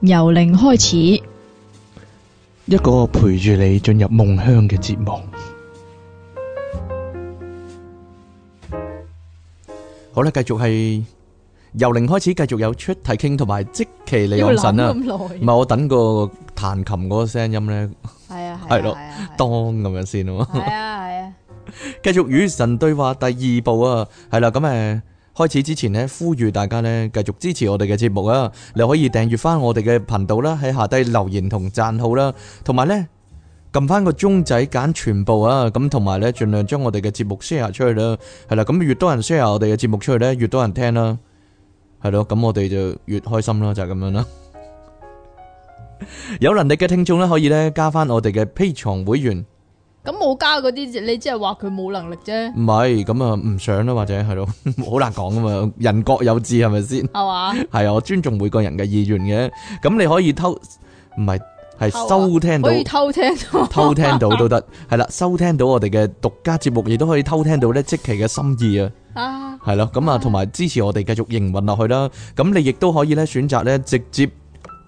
由零開始，一個陪住你進入夢鄉嘅節目。好啦，繼續係由零開始，繼續有出題傾同埋即係嚟。要等咁耐，唔係我等個彈琴嗰個聲音咧。係啊，係咯，當咁樣先咯。係啊，係啊。繼續與神對話第二部啊，係啦，咁誒。開始之前呢，呼籲大家呢繼續支持我哋嘅節目啊！你可以訂閱翻我哋嘅頻道啦，喺下低留言同讚好啦，同埋呢，撳翻個鐘仔揀全部啊！咁同埋呢，盡量將我哋嘅節目 share 出去啦，係啦，咁越多人 share 我哋嘅節目出去呢，越多人聽啦，係咯，咁我哋就越開心啦，就係、是、咁樣啦。 有能力嘅聽眾呢，可以呢加翻我哋嘅 Patreon 會員。咁冇加嗰啲，你即係話佢冇能力啫。唔係，咁啊唔想啦，或者係咯，好 難講㗎嘛。人各有志，係咪先？係啊， 我尊重每個人嘅意願嘅。咁你可以偷，唔係，係收聽到， 偷聽到， 偷聽到都得。係啦，收聽到我哋嘅獨家節目，亦都可以偷聽到呢即奇嘅心意啊。啊 係咯，咁啊，同埋支持我哋繼續營運落去啦。咁你亦都可以咧選擇咧直接。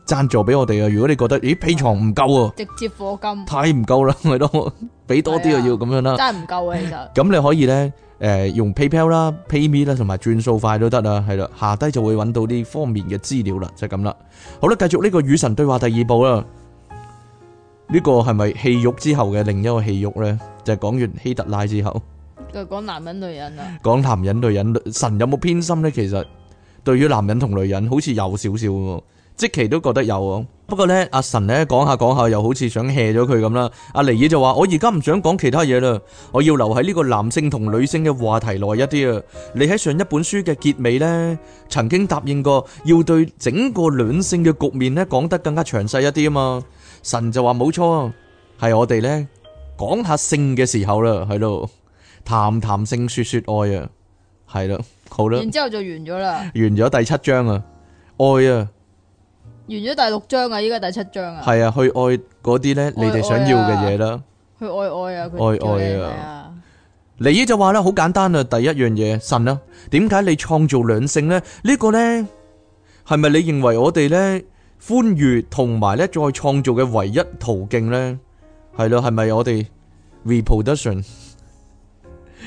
贊助俾我哋啊！如果你覺得咦，屁床唔夠啊，直接火金太唔夠啦，咪咯，俾多啲啊，要咁樣啦，真係唔夠啊，其實。咁你可以咧，誒、呃，用 PayPal 啦、PayMe 啦，同埋轉數快都得啊，係啦，下低就會揾到呢方面嘅資料啦，就咁、是、啦。好啦，繼續呢、這個與神對話第二部啦。呢、這個係咪戲肉之後嘅另一個戲肉咧？就係、是、講完希特拉之後，就講男人女人啊。講男人女人，神有冇偏心咧？其實對於男人同女人，好似有少少。即其都覺得有喎，不過咧，阿神咧講下講下，又好似想卸咗佢咁啦。阿尼爾就話：我而家唔想講其他嘢啦，我要留喺呢個男性同女性嘅話題內一啲啊。你喺上一本書嘅結尾咧，曾經答應過要對整個兩性嘅局面咧講得更加詳細一啲啊嘛。神就話：冇錯啊，係我哋咧講下性嘅時候啦，係咯，談談性，説説愛啊，係啦，好啦。然之後就完咗啦。完咗第七章啊，愛啊。完咗第六章啊，依家第七章啊。係啊，去愛嗰啲咧，愛愛啊、你哋想要嘅嘢啦。去愛愛啊，愛愛啊。尼爾就話啦，好簡單啊，第一樣嘢，神啊，點解你創造兩性咧？這個，呢個咧係咪你認為我哋咧歡愉同埋咧再創造嘅唯一途徑咧？係咯，係咪我哋 reproduction？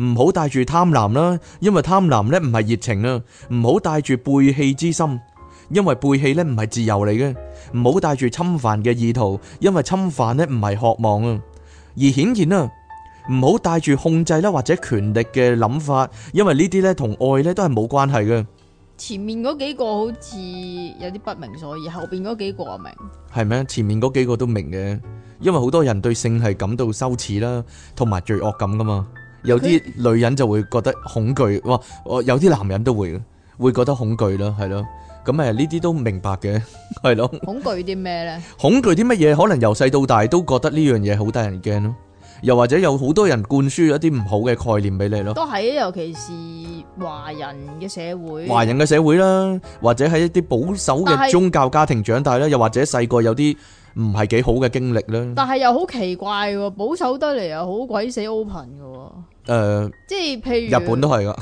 唔好帶住貪婪啦，因為貪婪咧唔係熱情啊！唔好帶住背棄之心，因為背棄咧唔係自由嚟嘅。唔好帶住侵犯嘅意圖，因為侵犯咧唔係渴望啊。而顯然啊，唔好帶住控制啦或者權力嘅諗法，因為呢啲咧同愛咧都係冇關係嘅。前面嗰幾個好似有啲不明所以，後邊嗰幾個明，係咩？前面嗰幾個都明嘅，因為好多人對性係感到羞恥啦，同埋罪惡感噶嘛。有啲女人就會覺得恐懼，哇！我有啲男人都會，會覺得恐懼咯，係咯。咁誒，呢啲都明白嘅，係咯。恐懼啲咩咧？恐懼啲乜嘢？可能由細到大都覺得呢樣嘢好得人驚咯。又或者有好多人灌輸一啲唔好嘅概念俾你咯。都係啊，尤其是華人嘅社會。華人嘅社會啦，或者喺一啲保守嘅宗教家庭長大啦，是又或者細個有啲唔係幾好嘅經歷啦。但係又好奇怪，保守得嚟又好鬼死 open 㗎。誒，即係譬如日本都係噶，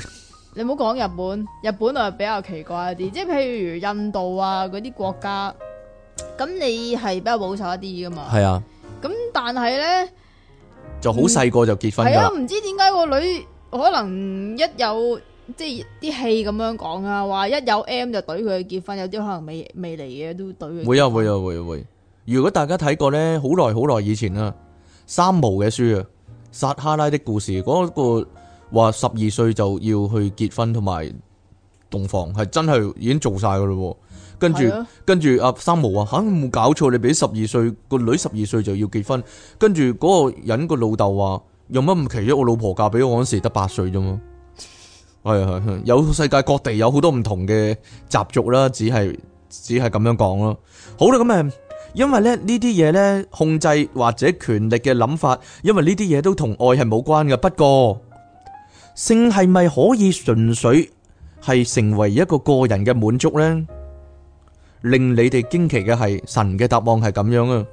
你唔好講日本，日本啊，比較奇怪啲，即係譬如印度啊嗰啲國家，咁你係比較保守一啲噶嘛？係啊，咁但係咧就好細個就結婚，係啊，唔知點解個女可能一有即係啲戲咁樣講啊，話一有 M 就懟佢結婚，有啲可能未未嚟嘅都懟佢。會啊會啊會啊會！如果大家睇過咧，好耐好耐以前啦，《三毛嘅書》啊。撒哈拉的故事嗰個，話十二歲就要去結婚同埋洞房，係真係已經做晒噶咯。跟住的跟住阿三毛話，吓，冇搞錯，你俾十二歲個女十二歲就要結婚。跟住嗰個人個老豆話，有乜唔奇啊？我老婆嫁俾我嗰時得八歲啫嘛。係啊係，有世界各地有好多唔同嘅習俗啦，只係只係咁樣講咯。好啦，咁誒。因為咧呢啲嘢咧控制或者權力嘅諗法，因為呢啲嘢都同愛係冇關嘅。不過性係咪可以純粹係成為一個個人嘅滿足咧？令你哋驚奇嘅係神嘅答案係咁樣啊，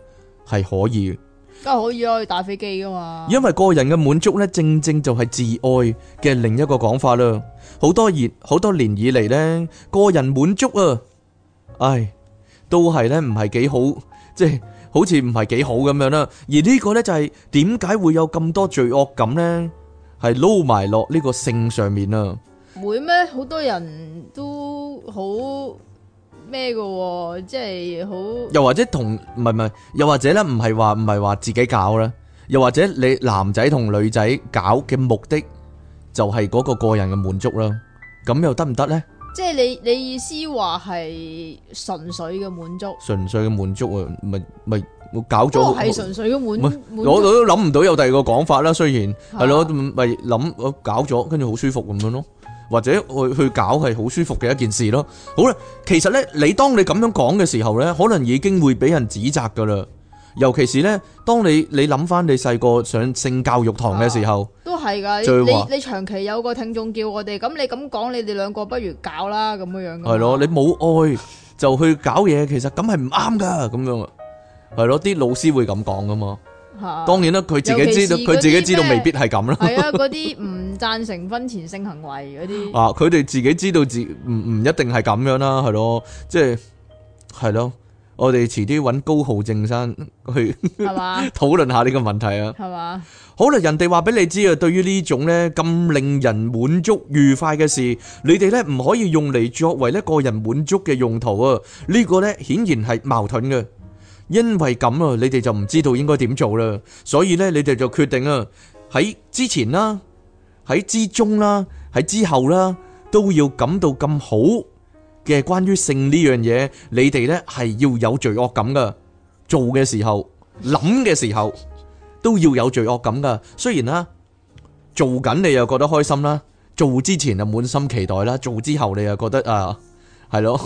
係可以。梗係可以啦，去打飛機噶嘛。因為個人嘅滿足咧，正正就係自愛嘅另一個講法啦。好多年好多年以嚟咧，個人滿足啊，唉。都係咧，唔係幾好，即係好似唔係幾好咁樣啦。而呢個咧就係點解會有咁多罪惡感咧？係撈埋落呢個性上面啊。會咩？好多人都好咩㗎，即係好。又或者同唔係唔係？又或者咧，唔係話唔係話自己搞啦？又或者你男仔同女仔搞嘅目的就係嗰個個人嘅滿足啦？咁又得唔得咧？即係你你意思話係純粹嘅滿足，純粹嘅滿足啊，咪咪我搞咗，係純粹嘅滿，我我都諗唔到有第二個講法啦。雖然係咯，咪諗我搞咗，跟住好舒服咁樣咯，或者去去搞係好舒服嘅一件事咯。好啦，其實咧，你當你咁樣講嘅時候咧，可能已經會俾人指責噶啦。尤其是咧，當你你諗翻你細個上性教育堂嘅時候，都係噶。你你長期有個聽眾叫我哋咁，你咁講，你哋兩個不如搞啦咁樣樣。係咯，你冇愛就去搞嘢，其實咁係唔啱噶，咁樣啊，係咯，啲老師會咁講噶嘛。當然啦，佢自己知道，佢自己知道未必係咁啦。係啊，嗰啲唔贊成婚前性行為嗰啲啊，佢哋自己知道自唔唔一定係咁樣啦，係咯，即係係咯。我哋遲啲搵高浩正生去討論下呢個問題啊！係嘛，好啦，人哋話俾你知啊，對於呢種呢咁令人滿足愉快嘅事，你哋呢唔可以用嚟作為一個人滿足嘅用途啊！呢個呢顯然係矛盾嘅，因為咁啊，你哋就唔知道應該點做啦，所以呢你哋就決定啊，喺之前啦，喺之中啦，喺之後啦，都要感到咁好。嘅關於性呢樣嘢，你哋呢係要有罪惡感噶，做嘅時候、諗嘅時候都要有罪惡感噶。雖然啦，做緊你又覺得開心啦，做之前就滿心期待啦，做之後你又覺得啊，係咯，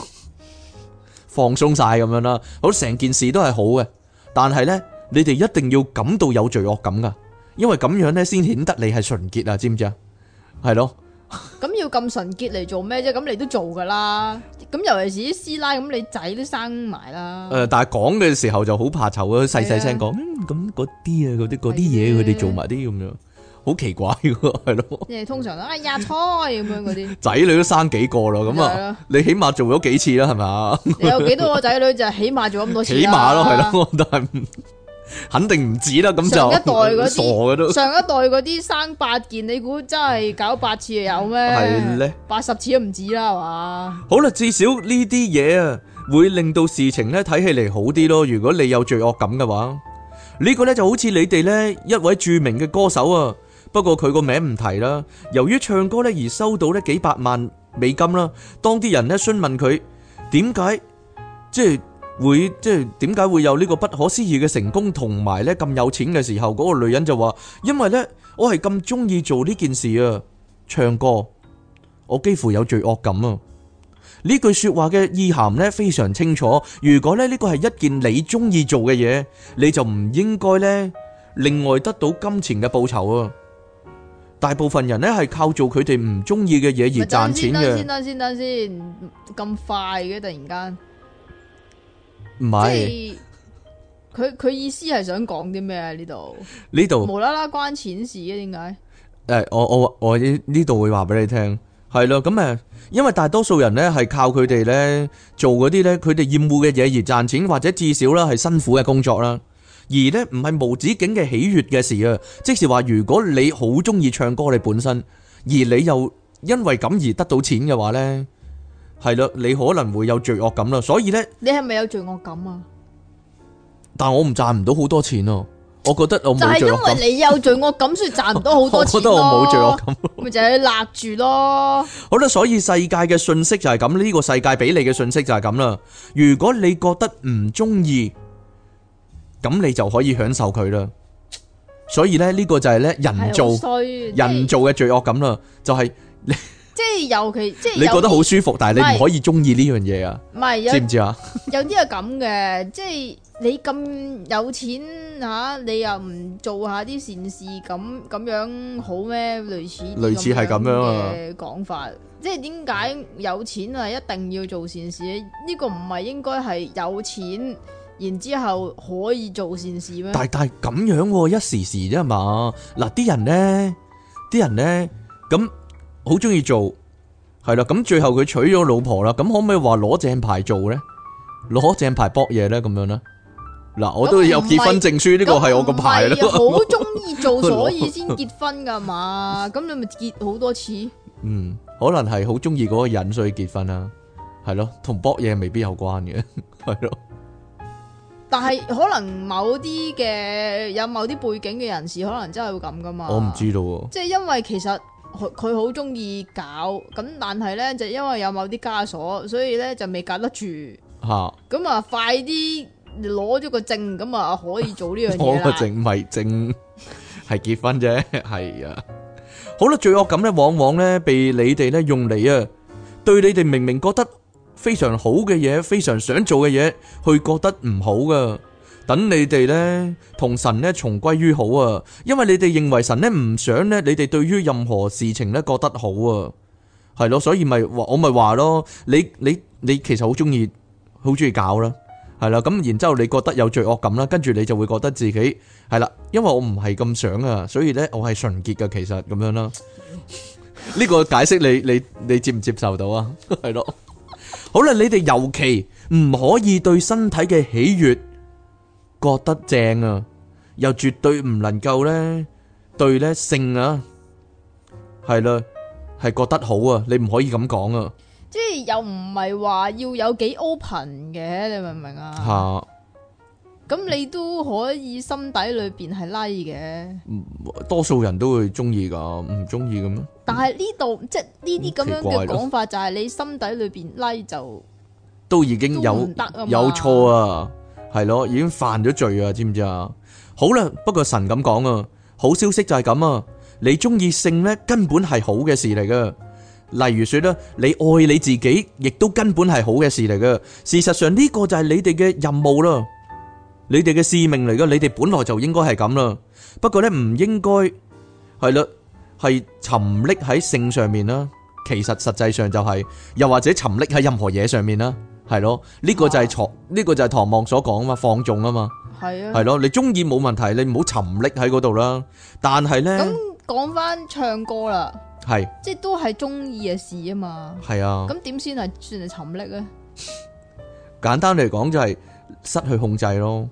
放鬆晒咁樣啦，好成件事都係好嘅。但係呢，你哋一定要感到有罪惡感噶，因為咁樣呢先顯得你係純潔啊，知唔知啊？係咯。咁要咁純潔嚟做咩啫？咁你都做噶啦。咁尤其是啲師奶，咁你仔都生埋啦。誒、呃，但係講嘅時候就好怕醜啊，細細聲講。咁嗰啲啊，嗰啲啲嘢，佢哋的做埋啲咁樣，好奇怪嘅，係咯。即係通常都啊，哎、呀，菜」咁樣嗰啲仔女都生幾個啦，咁啊，你起碼做咗幾次啦，係咪？你有幾多個仔女就起碼做咁多次。起碼咯，係咯，我都係。 肯定唔止啦，咁就傻嘅都。上一代嗰啲生八件，你估真係搞八次又有咩？係咧，八十次都唔止啦，係嘛？好啦，至少呢啲嘢啊，會令到事情咧睇起嚟好啲咯。如果你有罪惡感嘅話，呢個咧就好似你哋咧一位著名嘅歌手啊，不過佢個名唔提啦。由於唱歌咧而收到咧幾百萬美金啦，當啲人咧詢問佢點解即係。會即係點解會有呢個不可思議嘅成功同埋呢咁有錢嘅時候，嗰個女人就話：因為呢我係咁中意做呢件事啊，唱歌，我幾乎有罪惡感啊！呢句說話嘅意涵呢非常清楚。如果呢呢個係一件你中意做嘅嘢，你就唔應該呢另外得到金錢嘅報酬啊！大部分人呢係靠做佢哋唔中意嘅嘢而賺錢嘅。先得先得先得先，咁快嘅突然間。唔係，佢佢意思係想講啲咩啊？呢度呢度無啦啦關錢事啊，點解？誒、欸，我我我呢度會話俾你聽，係咯，咁誒，因為大多數人呢係靠佢哋呢做嗰啲呢，佢哋厭惡嘅嘢而賺錢，或者至少啦係辛苦嘅工作啦，而呢唔係無止境嘅喜悅嘅事啊。即係話如果你好中意唱歌，你本身而你又因為咁而得到錢嘅話呢，係咯，你可能會有罪惡感啦，所以咧，你係咪有罪惡感啊？但我唔賺唔到好多錢咯，我覺得我冇罪惡感。但係因為你有罪惡感，所以賺唔到好多錢咯。我覺得我冇罪惡感。咪就係勒住咯。好啦，所以世界嘅信息就係咁，呢個世界俾你嘅信息就係咁啦。如果你覺得唔中意，咁你就可以享受佢啦。所以咧，呢個就係咧人造人造嘅罪惡感啦，就係你。即係尤其，即係你覺得好舒服，但係你唔可以中意呢樣嘢啊？唔係啊，知唔知啊？有啲係咁嘅，即係你咁有錢吓，你又唔做下啲善事，咁咁樣好咩？類似類似係咁樣嘅講法，即係點解有錢啊一定要做善事？呢個唔係應該係有錢，然之後可以做善事咩？但係但係咁樣一時時啫嘛，嗱啲人咧，啲人咧咁。好中意做，係啦，咁最後佢娶咗老婆啦，咁可唔可以話攞正牌做咧？攞正牌搏嘢咧，咁樣咧，嗱，我都有結婚證書，呢個係我個牌咯。好中意做所以先結婚噶嘛？咁 你咪結好多次？嗯，可能係好中意嗰個人所以結婚啦，係咯，同搏嘢未必有關嘅，係咯。但係可能某啲嘅有某啲背景嘅人士，可能真係會咁噶嘛？我唔知道喎，即係因為其實。佢佢好中意搞，咁但係咧就因為有某啲枷鎖，所以咧就未夾得住。吓，咁啊快啲攞咗個證，咁啊可以做呢樣嘢啦。個證咪證係結婚啫，係啊。好啦，罪惡感咧，往往咧被你哋咧用嚟啊，對你哋明明覺得非常好嘅嘢，非常想做嘅嘢，去覺得唔好噶。等你哋咧，同神咧重歸於好啊，因為你哋認為神咧唔想咧，你哋對於任何事情咧覺得好啊，係咯，所以咪話，我咪話咯，你你你其實好中意好中意搞啦，係啦，咁然之後你覺得有罪惡感啦，跟住你就會覺得自己係啦，因為我唔係咁想啊，所以咧我係純潔噶，其實咁樣啦，呢個解釋你你你接唔接受到啊？係咯，好啦，你哋尤其唔可以對身體嘅喜悅。覺得正啊，又絕對唔能夠咧對咧勝啊，係啦，係覺得好啊，你唔可以咁講啊，即係又唔係話要有幾 open 嘅，你明唔明啊？吓，咁你都可以心底裏邊係 like 嘅，多數人都會中意㗎，唔中意嘅咩？但係呢度即係呢啲咁樣嘅講法，就係你心底裏邊 like 就都已經有有錯啊。係咯，已經犯咗罪啊，知唔知啊？好啦，不過神咁講啊，好消息就係咁啊，你中意性呢，根本係好嘅事嚟噶。例如說咧，你愛你自己，亦都根本係好嘅事嚟噶。事實上呢個就係你哋嘅任務啦，你哋嘅使命嚟噶。你哋本來就應該係咁啦，不過呢，唔應該係啦，係沉溺喺性上面啦。其實實際上就係、是，又或者沉溺喺任何嘢上面啦。係咯，呢個就係唐呢個就係唐望所講啊嘛，放縱啊嘛，係啊的，係咯，你中意冇問題，你唔好沉溺喺嗰度啦。但係咧，咁講翻唱歌啦，係的，即係都係中意嘅事啊嘛，係啊的。咁點先係算係沉溺咧？簡單嚟講就係失去控制咯，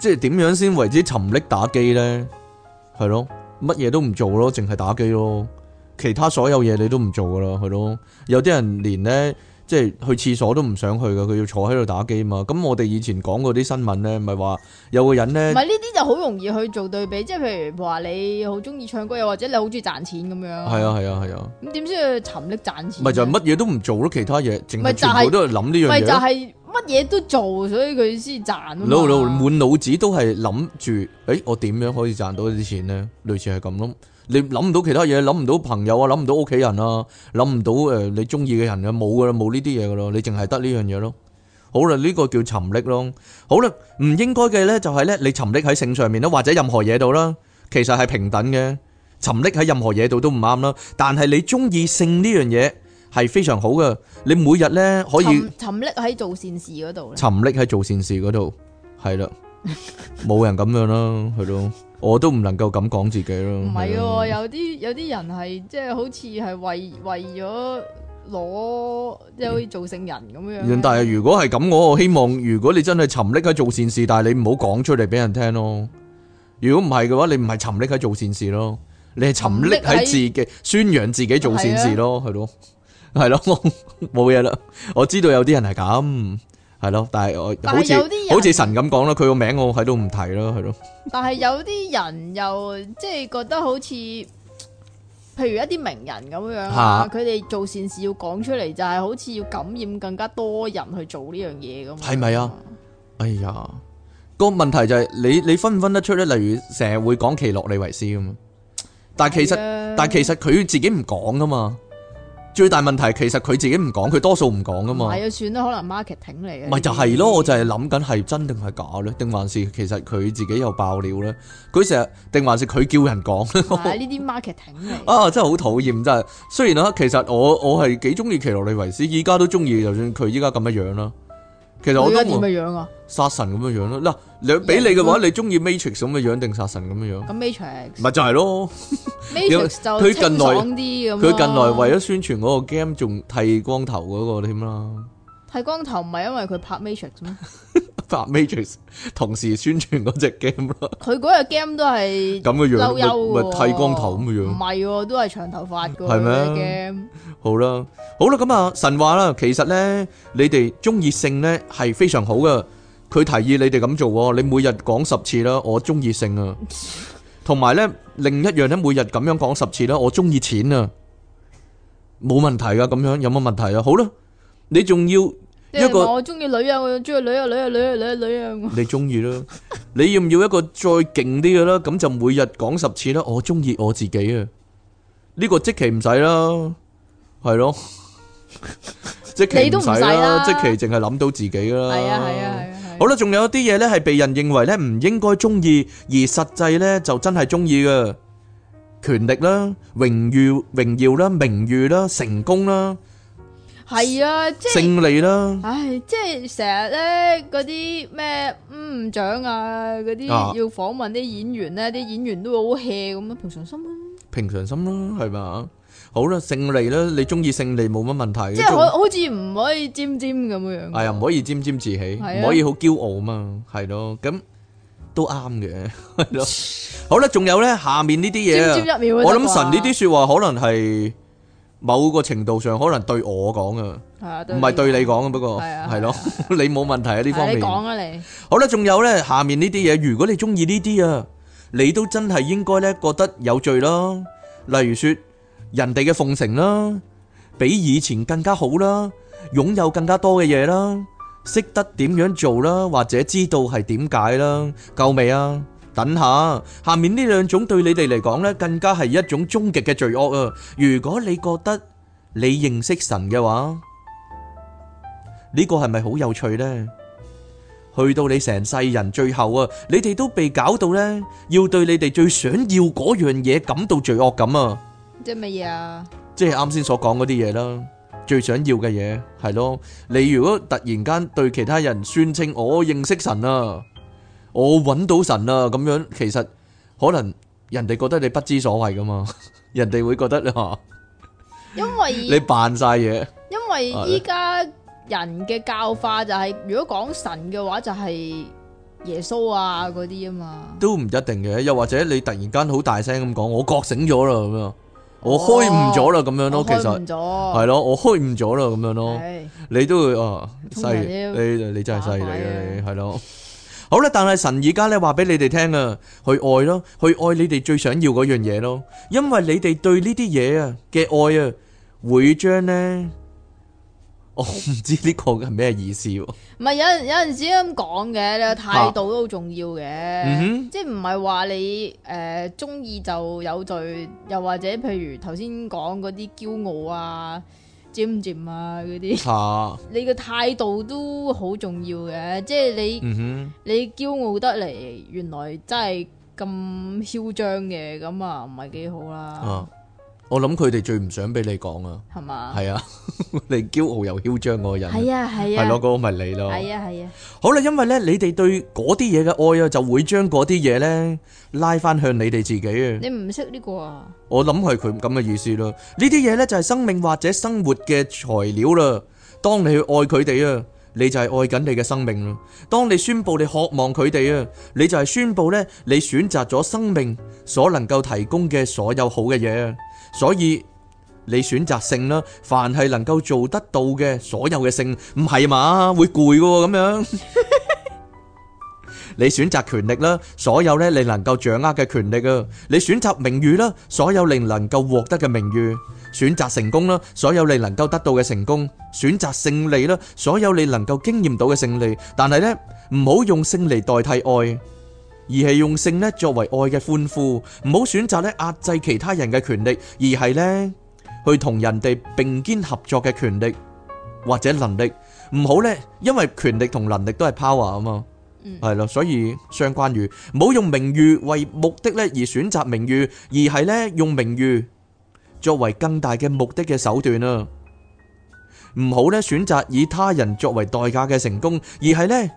即係點樣先為之沉溺打機咧？係咯，乜嘢都唔做咯，淨係打機咯，其他所有嘢你都唔做噶啦，係咯。有啲人連咧。即係去廁所都唔想去嘅，佢要坐喺度打機啊嘛。咁我哋以前講過啲新聞咧，唔係話有個人咧，唔係呢啲就好容易去做對比，即係譬如話你好鍾意唱歌，又或者你好鍾意賺錢咁樣。係啊係啊係啊。咁點知去沉溺賺錢？唔係、啊啊啊、就係乜嘢都唔做咯，其他嘢淨係全部都係諗呢樣嘢。唔係就係乜嘢都做，所以佢先賺啊嘛。腦腦、no, no, no, 滿腦子都係諗住，誒、欸、我點樣可以賺到啲錢咧？類似係咁咯。你諗唔到其他嘢，諗唔到朋友啊，諗唔到屋企人啊，諗唔到誒你中意嘅人啊，冇噶啦，冇呢啲嘢噶咯，你淨係得呢樣嘢咯。好啦，呢個叫沉溺咯。好啦，唔應該嘅咧就係咧，你沉溺喺性上面啦，或者任何嘢度啦，其實係平等嘅。沉溺喺任何嘢度都唔啱啦。但係你中意性呢樣嘢係非常好嘅，你每日咧可以沉沉溺喺做善事嗰度。沉溺喺做善事嗰度，係啦，冇人咁樣啦，係咯。我都唔能夠咁講自己咯。唔係喎，有啲有啲人係即係好似係為為咗攞即係好似做聖人咁樣、嗯。但係如果係咁，我希望如果你真係沉溺喺做善事，但係你唔好講出嚟俾人聽咯。如果唔係嘅話，你唔係沉溺喺做善事咯，你係沉溺喺自己宣揚自己做善事咯，係咯的，係咯了，冇嘢啦。我知道有啲人係咁。係咯，但係我有啲嘢，好似神咁講啦，佢個名我喺度唔提啦，係咯。但係有啲人又即係、就是、覺得好似，譬如一啲名人咁樣，佢哋、啊、做善事要講出嚟，就係好似要感染更加多人去做呢樣嘢咁。係咪啊？哎呀，個問題就係、是、你你分唔分得出咧？例如成日會講其樂利為師咁啊，但其實的但其實佢自己唔講噶嘛。最大問題其實佢自己唔講，佢多數唔講噶嘛。係啊，算啦，可能 marketing 嚟嘅。咪就係咯，我就係諗緊係真定係假咧，定還是其實佢自己又爆料咧？佢成日定還是佢叫人講係呢啲 marketing 嚟。 啊，真係好討厭真係。雖然啊，其實我我係幾中意奇洛尼維斯，而家都中意，就算佢而家咁嘅樣啦。其實我覺得點嘅樣啊？殺神咁嘅樣咯，嗱，你俾你嘅話，你中意 Matrix 咁嘅樣定殺神咁嘅樣？咁 Matrix 咪就係咯，Matrix 佢近來佢近來為咗宣傳嗰個 game 仲剃光頭嗰個添啦。剃光頭唔係因為佢拍 Matrix 咩？拍 Matrix 同時宣傳嗰隻 game 咯。佢嗰隻 game 都係咁嘅樣，唔係剃光頭咁嘅樣。唔係，都係長頭髮嘅。係咩？game 好啦，好啦，咁啊，神話啦。其實咧，你哋中意性咧係非常好嘅。佢提議你哋咁做，你每日講十次啦。我中意性啊，同埋咧另一樣咧，每日咁樣講十次啦。我中意錢啊，冇問題噶。咁樣有乜問題啊？好啦。你仲要一個我中意女啊！我中意女啊！女啊！女啊！女啊！女啊！你中意啦？你要唔要一個再勁啲嘅啦？咁就每日講十次啦！我中意我自己啊！呢個即期唔使啦，係咯，即期都唔使啦，即期淨係諗到自己㗎啦。係啊係啊係啊！好啦，仲有一啲嘢咧，係被人認為咧唔應該中意，而實際咧就真係中意嘅權力啦、榮譽、榮耀啦、名譽啦、成功啦。係啊，勝利啦！唉，即係成日咧，嗰啲咩唔獎啊，嗰啲要訪問啲演員咧，啲演員都會好 hea 咁啊，平常心咯，平常心咯，係嘛？好啦，勝利啦，你中意勝利冇乜問題。即係我好似唔可以沾沾咁樣。係啊，唔可以沾沾自喜，唔可以好驕傲嘛，係咯，咁都啱嘅，係咯。好啦，仲有咧，下面呢啲嘢，我諗神呢啲說話可能係。某個程度上可能對我講啊，唔係對你講啊，不過係咯，你冇問題啊呢的方面。講啊你。好啦，仲有呢下面呢啲嘢，如果你中意呢啲啊，你都真係應該呢覺得有罪啦。例如說，人哋嘅奉承啦，比以前更加好啦，擁有更加多嘅嘢啦，識得點樣做啦，或者知道係點解啦，夠未啊？等下，下面呢兩種對你哋嚟講呢，更加係一種終極嘅罪惡啊！如果你覺得你認識神嘅話，呢個係咪好有趣呢？去到你成世人最後啊，你哋都被搞到呢，要對你哋最想要嗰樣嘢感到罪惡感啊！即係乜嘢啊？即係啱先所講嗰啲嘢啦，最想要嘅嘢係咯，你如果突然間對其他人宣稱我認識神啊！我揾到神啦，咁樣其實可能人哋覺得你不知所謂噶嘛，人哋會覺得你吓，因為你扮晒嘢。因為依家人嘅教化就係，如果講神嘅話就係耶穌啊嗰啲啊嘛。都唔一定嘅，又或者你突然間好大聲咁講，我覺醒咗啦咁樣，我開悟咗啦咁樣咯，其實係咯，我開悟咗啦咁樣咯，你都會啊犀利，你你真係犀利啊，你係咯。好啦，但係神而家咧話俾你哋聽啊，去愛咯，去愛你哋最想要嗰樣嘢咯，因為你哋對呢啲嘢啊嘅愛啊，會將呢……我唔知呢個係咩意思。唔係有有陣時咁講嘅，你態度都好重要嘅，啊、即係唔係話你誒中意就有罪，又或者譬如頭先講嗰啲驕傲啊。尖唔尖啊？嗰啲，你嘅態度都好重要嘅，即係你、嗯、哼你驕傲得嚟，原來真係咁囂張嘅，咁啊唔係幾好啦。啊我諗佢哋最唔想俾你講啊，係嘛？係啊，你驕傲又囂張嗰個人，係啊係啊，係咯，嗰個咪你咯，係啊係啊。好啦，因為咧，你哋對嗰啲嘢嘅愛啊，就會將嗰啲嘢咧拉翻向你哋自己啊。你唔識呢個啊？我諗係佢咁嘅意思咯。呢啲嘢咧就係生命或者生活嘅材料啦。當你去愛佢哋啊，你就係愛緊你嘅生命啦。當你宣布你渴望佢哋啊，你就係宣布咧，你選擇咗生命所能夠提供嘅所有好嘅嘢。所以你選擇性啦，凡係能夠做得到嘅所有嘅性唔係嘛？會攰，嘅咁樣。你選擇權力啦，所有咧你能夠掌握嘅權力啊。你選擇名譽啦，所有你能夠獲得嘅名譽。選擇成功啦，所有你能夠得到嘅成功。選擇勝利啦，所有你能夠經驗到嘅勝利。但係咧唔好用勝利代替愛。而係用性咧作為愛嘅歡呼，唔好選擇咧壓制其他人嘅權力，而係咧去同人哋並肩合作嘅權力或者能力。唔好咧因為權力同能力都係 power 啊嘛，係咯，所以相關如，唔好用名譽為目的咧而選擇名譽，而係咧用名譽作為更大嘅目的嘅手段啊。唔好咧選擇以他人作為代價嘅成功，而係咧。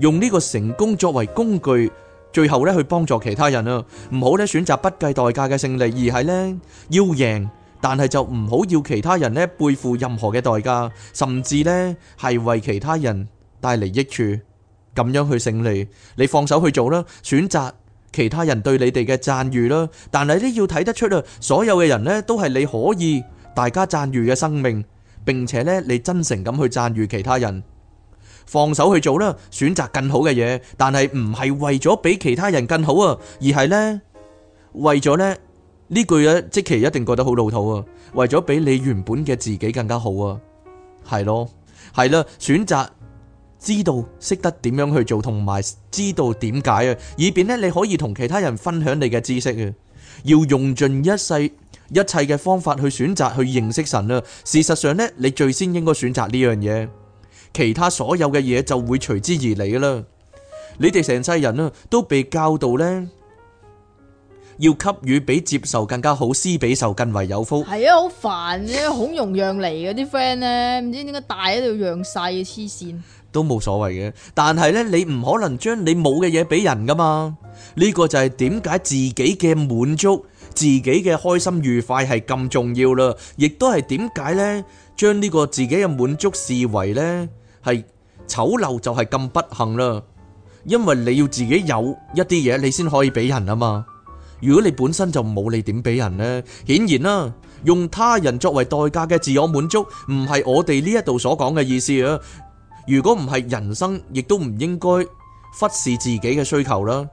用呢個成功作為工具，最後呢去幫助其他人啊！唔好呢選擇不計代價嘅勝利，而係呢要贏，但係就唔好要其他人呢背負任何嘅代價，甚至呢係為其他人帶嚟益處，咁樣去勝利。你放手去做啦，選擇其他人對你哋嘅讚譽啦。但係呢要睇得出啊，所有嘅人呢都係你可以大家讚譽嘅生命，並且呢你真誠咁去讚譽其他人。放手去做啦，選擇更好嘅嘢，但係唔係為咗比其他人更好啊，而係呢為咗呢呢句嘢，即其一定覺得好老土啊，為咗比你原本嘅自己更加好啊，係咯，係啦，選擇知道識得點樣去做，同埋知道點解啊，以便呢你可以同其他人分享你嘅知識啊，要用盡一世一切嘅方法去選擇去認識神啊，事實上呢你最先應該選擇呢樣嘢。其他所有嘅嘢就會隨之而嚟㗎啦。你哋成世人啊，都被教導咧，要給予比接受更加好，施比受更為有福。係啊，好煩啫，孔融讓梨嗰啲 friend 咧，唔知點解大喺度讓晒嘅黐線。都冇所謂嘅，但係咧，你唔可能將你冇嘅嘢俾人噶嘛。呢個就係點解自己嘅滿足、自己嘅開心愉快係咁重要啦，亦都係點解咧，將呢個自己嘅滿足視為咧。係，醜陋就係咁不幸啦，因為你要自己有一啲嘢，你先可以俾人啊嘛。如果你本身就冇，你點俾人呢？顯然啦，用他人作為代價嘅自我滿足，唔係我哋呢一度所講嘅意思啊。如果唔係，人生亦都唔應該忽視自己嘅需求啦。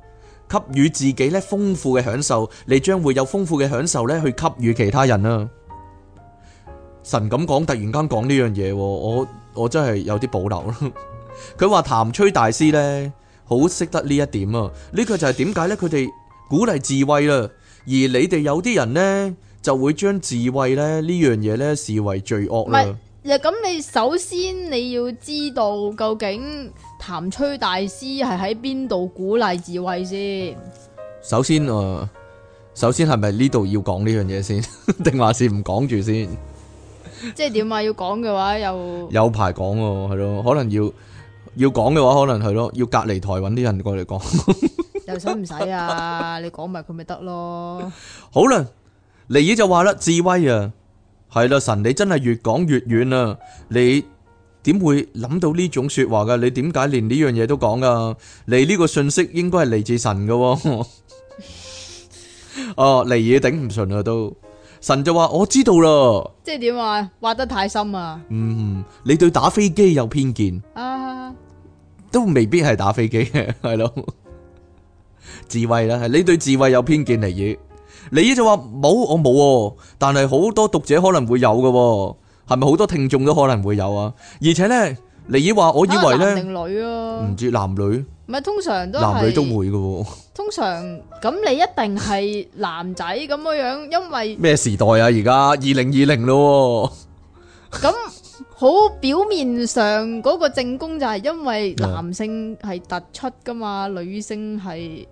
給予自己咧豐富嘅享受，你將會有豐富嘅享受咧去給予其他人啊。神咁講，突然間講呢樣嘢，我我真係有啲保留咯。佢話譚崔大師呢，好識得呢一點啊。呢個就係點解呢？佢哋鼓勵智慧啦，而你哋有啲人呢，就會將智慧咧呢樣嘢呢視為罪惡啦。唔係，咁你首先你要知道究竟譚崔大師係喺邊度鼓勵智慧先，呃？首先誒，首先係咪呢度要講呢樣嘢先，定 還是唔講住先？即係點啊？要講嘅話又有排講喎，係咯，可能要要講嘅話，可能係咯，要隔離台揾啲人過嚟講，又使唔使啊？你講埋佢咪得咯？好啦，尼爾就話啦，智威啊，係啦，神你真係越講越遠啊！你點會諗到呢種說話噶？你點解連呢樣嘢都講噶？你呢個信息應該係嚟自神噶？哦，尼爾頂唔順啊都。神就話我知道啦，即係點啊？挖得太深啊？嗯！嗯，你對打飛機有偏見啊，都未必係打飛機嘅，係咯？智慧啦，你對智慧有偏見嚟嘅，你就話冇，我冇，但係好多讀者可能會有嘅，係咪好多聽眾都可能會有啊？而且咧，你話我以為咧，女，啊，唔知男女，唔係通常都係男女都會嘅。通常咁，你一定係男仔咁樣樣， 因為咩時代啊？而家二零二零咯，咁好 表面上嗰、那個正宮就係因為男性係突出噶嘛，嗯、女性係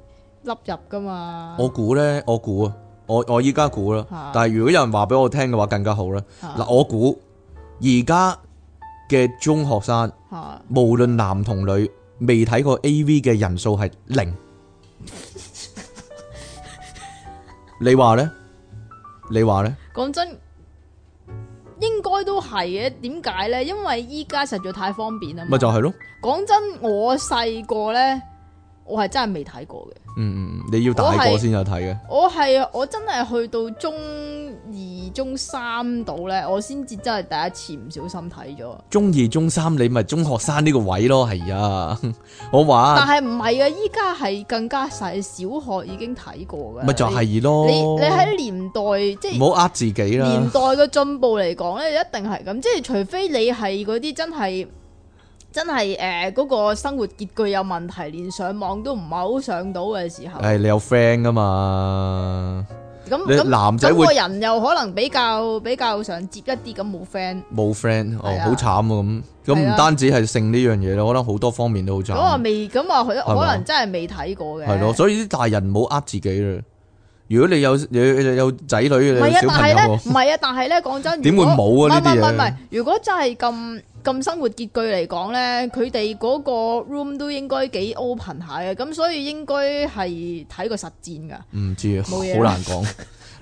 凹入噶嘛。我估呢，我估，我我依家估啦。的但係如果有人話俾我聽嘅話，更加好啦。嗱的，我估而家嘅中學生，的無論男同女，未睇過 AV 嘅人數係零。 你話咧？你話咧？講真，應該都係嘅。點解咧？因為依家實在太方便啦。咪就係咯。講真，我細個咧。我係真係未睇過嘅，嗯嗯，你要大個先有睇嘅。我係啊，我真係去到中二、中三度咧，我先至真係第一次唔小心睇咗。中二、中三你咪中學生呢個位咯，係啊，我話。但係唔係啊，依家係更加細，小學已經睇過嘅。咪就係咯，你你喺年代即係唔好呃自己啦。年代嘅進步嚟講咧，一定係咁，即係除非你係嗰啲真係。真係誒嗰個生活結構有問題，連上網都唔係好上到嘅時候。誒、哎，你有 friend 噶嘛？咁咁那男仔會，個人又可能比較比較想接一啲咁冇 friend。冇 friend、啊、哦，好、嗯、慘啊！咁咁唔單止係性呢樣嘢咯，啊、我覺得好多方面都好慘。咁啊未？咁啊佢可能真係未睇過嘅。係咯，所以啲大人冇呃自己啦。如果你有有有仔女，你唔係啊，但係咧，唔係啊，但係咧，講真，點會冇啊呢啲嘢？唔唔唔唔，如果真係咁咁生活拮據嚟講咧，佢哋嗰個 room 都應該幾 open 下嘅，咁所以應該係睇個實踐噶。唔知 啊，好難講。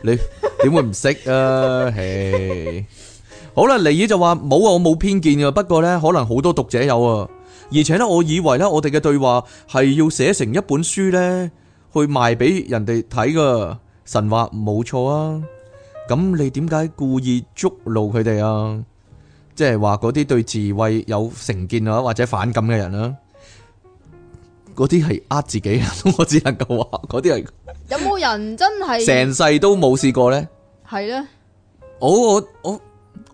你點會唔識啊？嘿，好啦，尼爾就話冇啊，我冇偏見啊。不過咧，可能好多讀者有啊。而且咧，我以為咧，我哋嘅對話係要寫成一本書咧。去賣俾人哋睇噶，神話冇錯啊！咁你點解故意捉弄佢哋啊？即係話嗰啲對智慧有成見啊，或者反感嘅人啦，嗰啲係呃自己，我只能夠話嗰啲係。有冇人真係成世都冇試過咧？係咧，我我我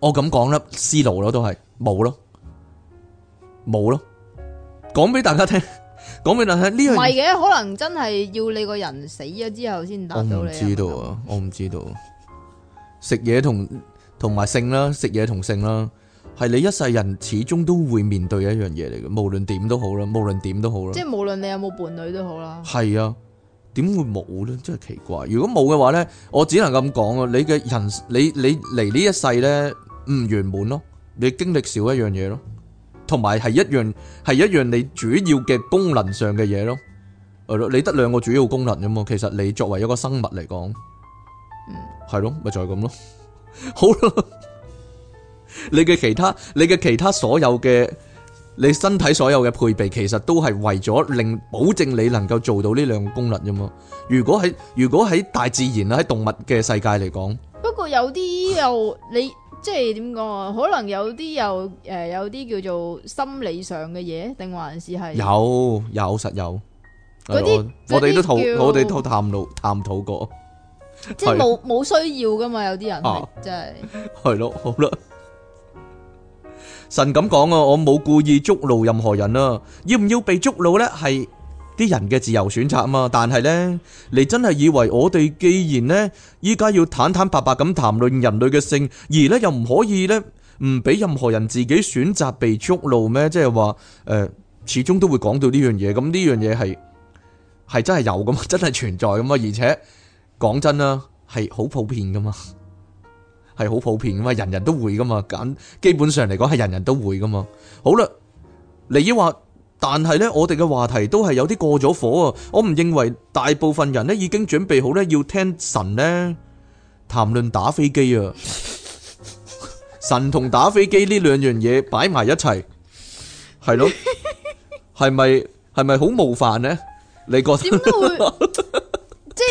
我咁講啦，思路咯都係冇咯，冇咯，講俾大家聽。講俾你聽呢樣唔係嘅，可能真係要你個人死咗之後先達到你。我唔知道啊，我唔知道。食嘢同同埋性啦，食嘢同性啦，係你一世人始終都會面對嘅一樣嘢嚟嘅，無論點都好啦，無論點都好啦。即係無論你有冇伴侶都好啦。係啊，點會冇咧？真係奇怪。如果冇嘅話咧，我只能咁講啊，你嘅人，你你嚟呢一世咧唔圓滿咯，你經歷少一樣嘢咯。同埋係一樣，係一樣你主要嘅功能上嘅嘢咯。誒，你得兩個主要功能啫嘛。其實你作為一個生物嚟講，係咯，咪就係咁咯。好咯，你嘅其他，你嘅其他所有嘅，你身體所有嘅配備，其實都係為咗令保證你能夠做到呢兩個功能啫嘛。如果喺如果喺大自然啊，喺動物嘅世界嚟講，不過有啲又你。即係點講啊？可能有啲又誒，有啲叫做心理上嘅嘢，定還是係有有實有嗰啲，我哋都討我哋都探討探討過，即係冇冇需要噶嘛？有啲人真係係咯，好啦，神咁講啊，我冇故意捉牢任何人啊，要唔要被捉牢咧？係。啲人嘅自由選擇啊嘛，但係呢，你真係以為我哋既然呢，依家要坦坦白白咁談論人類嘅性，而呢又唔可以呢，唔俾任何人自己選擇被觸怒咩？即係話誒，始終都會講到呢樣嘢，咁呢樣嘢係係真係有噶嘛？真係存在噶嘛？而且講真吖，係好普遍噶嘛，係好普遍噶嘛？人人都會噶嘛？咁基本上嚟講係人人都會噶嘛？好啦，你要話。但係咧，我哋嘅話題都係有啲過咗火啊。我唔認為大部分人咧已經準備好咧要聽神咧談論打飛機啊。神同打飛機呢兩樣嘢擺埋一齊，係咯，係咪係咪好冒犯咧？你覺得點都會即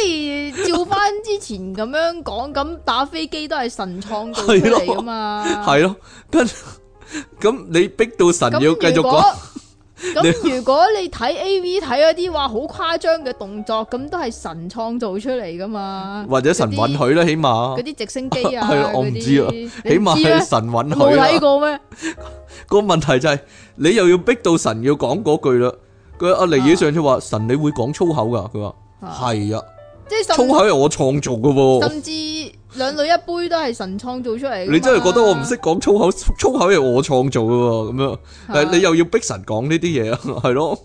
係照翻之前咁樣講，咁打飛機都係神創造出嚟㗎嘛，係咯，跟咁你逼到神要繼續講。咁 如果你睇 A V 睇嗰啲話好誇張嘅動作，咁都係神創造出嚟噶嘛？或者神允許咧， 起碼嗰啲直升機啊，係 啊，些我唔知啊，知起碼係神允許啊。睇過咩？個 問題就係、是、你又要逼到神要講嗰句啦。佢阿尼嘢上就話神你會講粗口噶，佢話係啊，即係粗口係我創造噶喎，甚至。兩女一杯都係神創造出嚟。你真係覺得我唔識講粗口，粗口係我創造㗎，咁樣，但你又要逼神講呢啲嘢啊，係咯？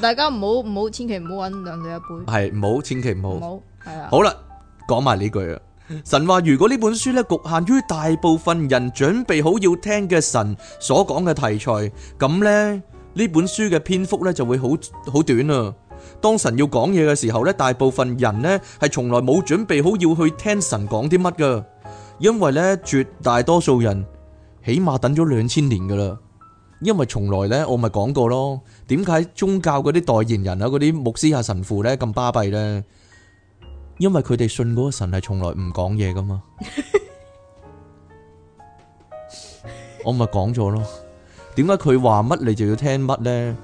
大家唔好唔好，千祈唔好揾兩女一杯。係唔好，千祈唔好。好係啊。好啦，講埋呢句啊。神話如果呢本書咧局限於大部分人準備好要聽嘅神所講嘅題材，咁咧呢本書嘅篇幅咧就會好好短啊。當神要講嘢嘅時候咧，大部分人咧係從來冇準備好要去聽神講啲乜噶，因為咧絕大多數人起碼等咗兩千年噶啦。因為從來咧，我咪講過咯，點解宗教嗰啲代言人啊，嗰啲牧師啊、神父咧咁巴閉咧？因為佢哋信嗰個神係從來唔講嘢噶嘛，我咪講咗咯。點解佢話乜你就要聽乜咧？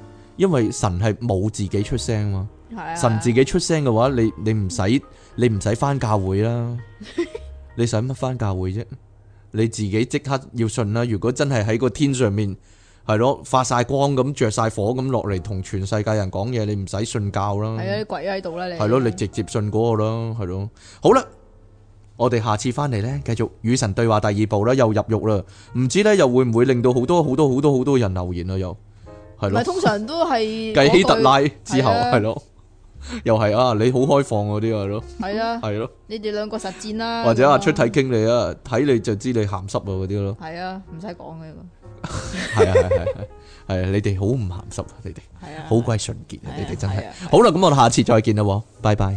因為神係冇自己出聲嘛，的神自己出聲嘅話，你你唔使、嗯、你唔使翻教會啦， 你使乜翻教會啫？你自己即刻要信啦！如果真係喺個天上面，係咯發晒光咁，着晒火咁落嚟同全世界人講嘢，你唔使信教啦。係啊，啲鬼喺度啦，你係咯，你直接信嗰個咯，係咯。好啦，我哋下次翻嚟咧，繼續與神對話第二部啦，又入獄啦，唔知咧又會唔會令到好多好多好多好多人留言啊？又係咯，通常都係繼希特拉之後，係咯，又係啊！你好開放啲係咯，係啊，係咯，你哋兩個實戰啦，或者話出體傾理啊，睇。你就知你鹹濕啊嗰啲咯，係啊，唔使講嘅，係啊係係係，你哋好唔鹹濕啊你哋，係啊，好鬼純潔啊你哋真係，好啦，咁我下次再見啦，拜拜。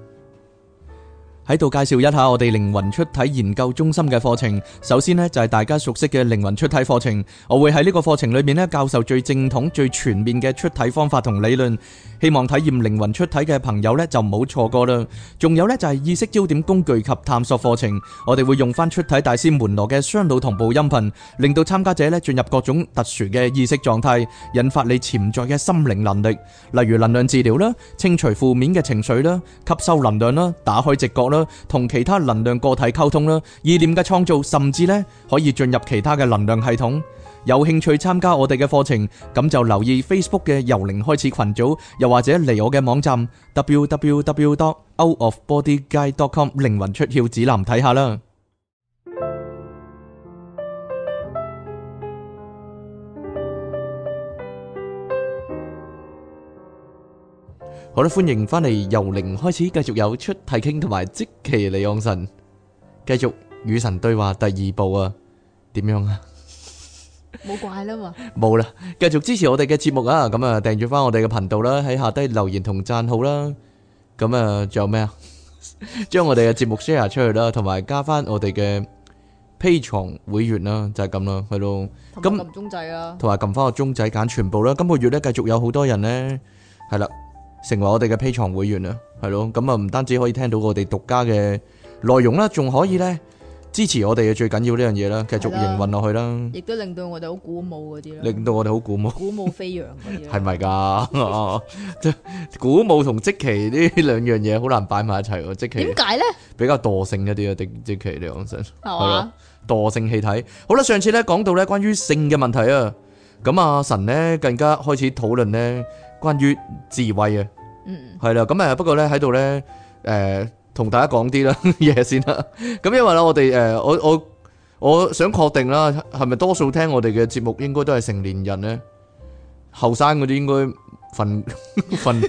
喺度介紹一下我哋靈魂出體研究中心嘅課程。首先呢就係大家熟悉嘅靈魂出體課程，我會喺呢個課程裏面呢教授，最正統、最全面嘅出體方法同理論。希望體驗靈魂出體嘅朋友呢就唔好錯過啦。仲有呢就係意識焦點工具及探索課程，我哋會用翻出體大師門羅嘅雙腦同步音頻，令到參加者呢進入各種特殊嘅意識狀態，引發你潛在嘅心靈能力，例如能量治療啦、清除負面嘅情緒啦、吸收能量啦、打開直覺。同其他能量個體溝通啦，意念嘅創造，甚至咧可以進入其他嘅能量系統。有興趣參加我哋嘅課程，咁就留意 Facebook 嘅由零開始群組，又或者嚟我嘅網站 www.outofbodyguide.com 靈魂出竅指南睇下啦。好啦，歡迎翻嚟由零開始，繼續有出題傾同埋即其嚟向神，繼續與神對話第二部啊。點樣啊？冇怪啦嘛？冇啦，繼續支持我哋嘅節目啊！咁啊，訂閱翻我哋嘅頻道啦，喺下低留言同讚好啦。咁啊，仲有咩啊？將我哋嘅節目 share 出去啦，同埋加翻我哋嘅 Patreon 會員啦，就係咁啦。去到咁撳鐘仔啦，同埋撳翻個鐘仔揀全部啦。今個月咧，繼續有好多人咧，係啦。成為我哋嘅 Patreon 會員啦，係咯，咁啊，唔單止可以聽到我哋獨家嘅內容啦，仲可以咧支持我哋嘅，最緊要呢樣嘢啦，繼續營運落去啦。亦都令到我哋好鼓舞嗰啲咯，令到我哋好鼓舞。鼓舞飛揚嗰啲。係咪噶？即鼓舞同積奇呢兩樣嘢好難擺埋一齊喎。積奇。點解咧？比較惰性一啲，哦、啊，定積奇，你講真。係嘛？惰性氣體。好啦，上次咧講到咧關於性嘅問題啊，咁阿神咧更加開始討論咧。關於智慧啊，係啦，咁啊，不過咧喺度咧，誒，同大家講啲啦嘢先啦。咁因為咧，我哋誒，我我我想確定啦，係咪多數聽我哋嘅節目應該都係成年人咧？後生嗰啲應該分分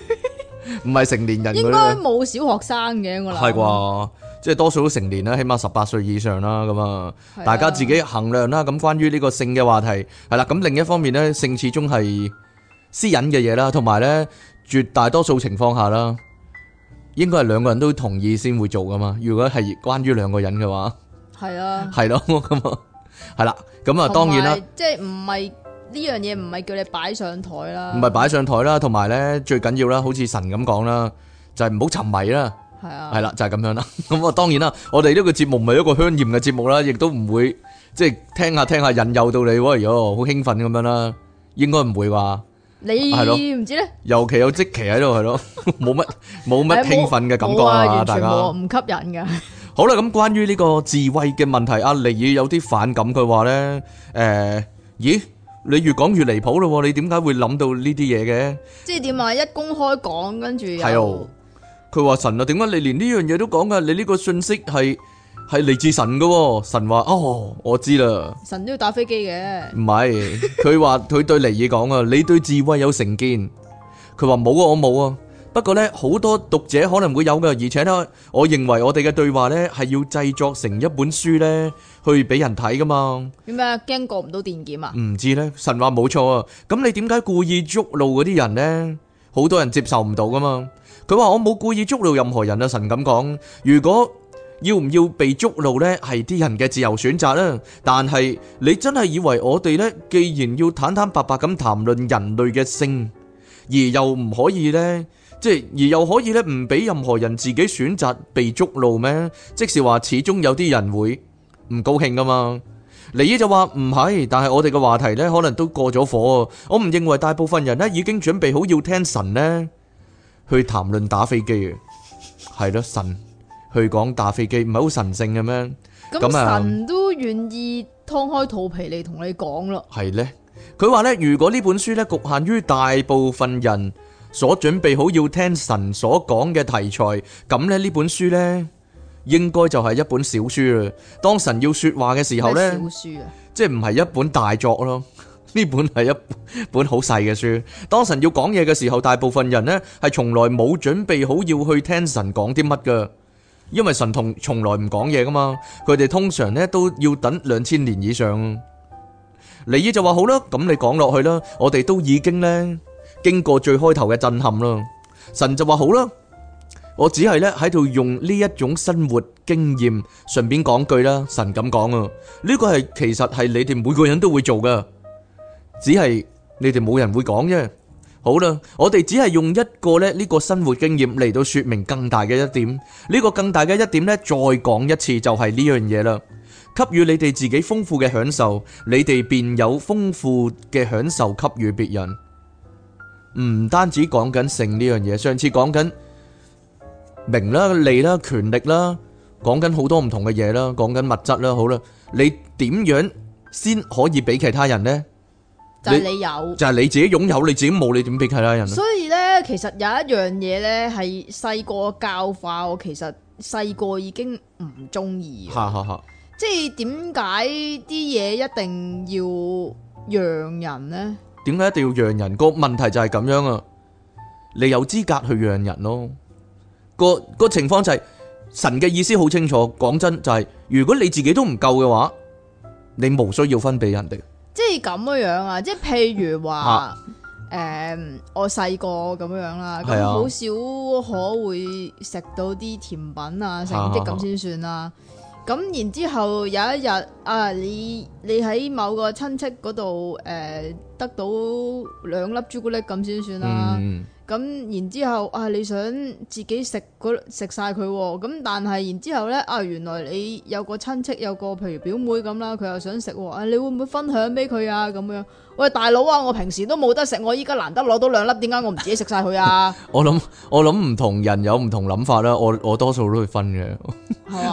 唔係成年人。應該冇小學生嘅，我諗係啩，即係多數都成年啦，起碼十八歲以上啦，咁啊，大家自己衡量啦。咁關於呢個性嘅話題，係啦，咁另一方面咧，性始終係。私隱嘅嘢啦，同埋咧，絕大多數情況下啦，應該係兩個人都同意先會做噶嘛。如果係關於兩個人嘅話，係啊，係咯是的，咁 啊，係啦，咁啊，當然啦，即係唔係呢樣嘢，唔係叫你擺上台啦，唔係擺上台啦。同埋咧，最緊要啦，好似神咁講啦，就係唔好沉迷啦，係啊，係啦，就係咁樣啦。咁啊，當然啦，我哋呢個節目唔係一個香艷嘅節目啦，亦都唔會即係、就是、聽下聽下引誘到你，哎喲，好興奮咁樣啦，應該唔會啩。你係咯，唔知咧。尤其有即期喺度係咯，冇乜冇乜興奮嘅感覺啊！大家完全冇唔吸引噶。好啦，咁關於呢個智慧嘅問題，阿利爾有啲反感，佢話咧，誒，咦，你越講越離譜咯，你點解會諗到呢啲嘢嘅？即係點啊？一公開講，跟住又。係哦。佢話神啊，點解你連呢樣嘢都講噶？你呢個信息係。係嚟自神噶，神話哦，我知啦。神都要打飛機嘅。唔係，佢話佢對尼爾講啊，你對智慧有成見。佢話冇啊，我冇啊。不過咧，好多讀者可能會有噶。而且咧，我認為我哋嘅對話咧係要製作成一本書咧，去俾人睇噶嘛。點解啊？驚過唔到電檢啊？唔知咧。神話冇錯啊。咁你點解故意捉路嗰啲人咧？好多人接受唔到噶嘛。佢話我冇故意捉路任何人啊。神咁講，如果。要唔要被捉路呢？係啲人嘅自由選擇啦。但係你真係以為我哋呢，既然要坦坦白白咁談論人類嘅性，而又唔可以呢？即係而又可以呢？唔俾任何人自己選擇被捉路咩？即是話始終有啲人會唔高興噶嘛？尼依就話唔係，但係我哋嘅話題呢，可能都過咗火。我唔認為大部分人呢已經準備好要聽神呢，去談論打飛機啊。係咯，神。去講打飛機唔係好神聖嘅咩？咁、嗯、神都願意劏開肚皮嚟，同你講啦。係 呢，佢話呢，如果呢本書呢局限於大部分人所準備好要聽神所講嘅題材，咁咧呢本書呢應該就係一本小書啦。當神要說話嘅時候呢，小書啊，即係唔係一本大作咯。呢 本係一本好細嘅書。當神要講嘢嘅時候，大部分人呢係從來冇準備好要去聽神講啲乜噶。因為神同從來唔講嘢噶嘛，佢哋通常咧都要等兩千年以上。尼爾就話好啦，咁你講落去啦，我哋都已經咧經過最開頭嘅震撼啦。神就話好啦，我只係咧喺度用呢一種生活經驗，順便講句啦。神咁講啊，呢個係其實係你哋每個人都會做噶，只係你哋冇人會講啫。好啦，我哋只係用一個咧呢個生活經驗嚟到說明更大嘅一點。呢個更大嘅一點呢，再講一次就係呢樣嘢啦。給予你哋自己豐富嘅享受，你哋便有豐富嘅享受給予別人。唔單止講緊性呢樣嘢，上次講緊名啦、利啦、權力啦，講緊好多唔同嘅嘢啦，講緊物質啦。好啦，你點樣先可以俾其他人呢？就係你有，就係你自己擁有，你自己冇，你點俾其他人？所以咧，其實有一樣嘢咧，係細個教化我，其實細個已經唔中意。吓吓吓！即係點解啲嘢一定要讓人呢？點解一定要讓人？個問題就係咁樣啊！你有資格去讓人咯。個個情況就係神嘅意思好清楚。講真，就係如果你自己都唔夠嘅話，你冇需要分俾人哋。即係咁樣啊！即係譬如話，誒，我細個咁樣啦，咁好、啊、少可會食到啲甜品啊，啊成即咁先算啦、啊。咁、啊、然之後有一日啊，你你喺某個親戚嗰度誒得到兩粒朱古力咁先算啦、啊。嗯咁然之後啊，你想自己食嗰食晒佢咁，但係然之後呢啊，原來你有個親戚，有個譬如表妹咁啦，佢又想食，啊，你會唔會分享俾佢啊？咁樣喂，大佬啊，我平時都冇得食，我依家難得攞到兩粒，點解我唔自己食晒佢啊？我諗我諗唔同人有唔同諗法啦，我我多數都會分嘅，係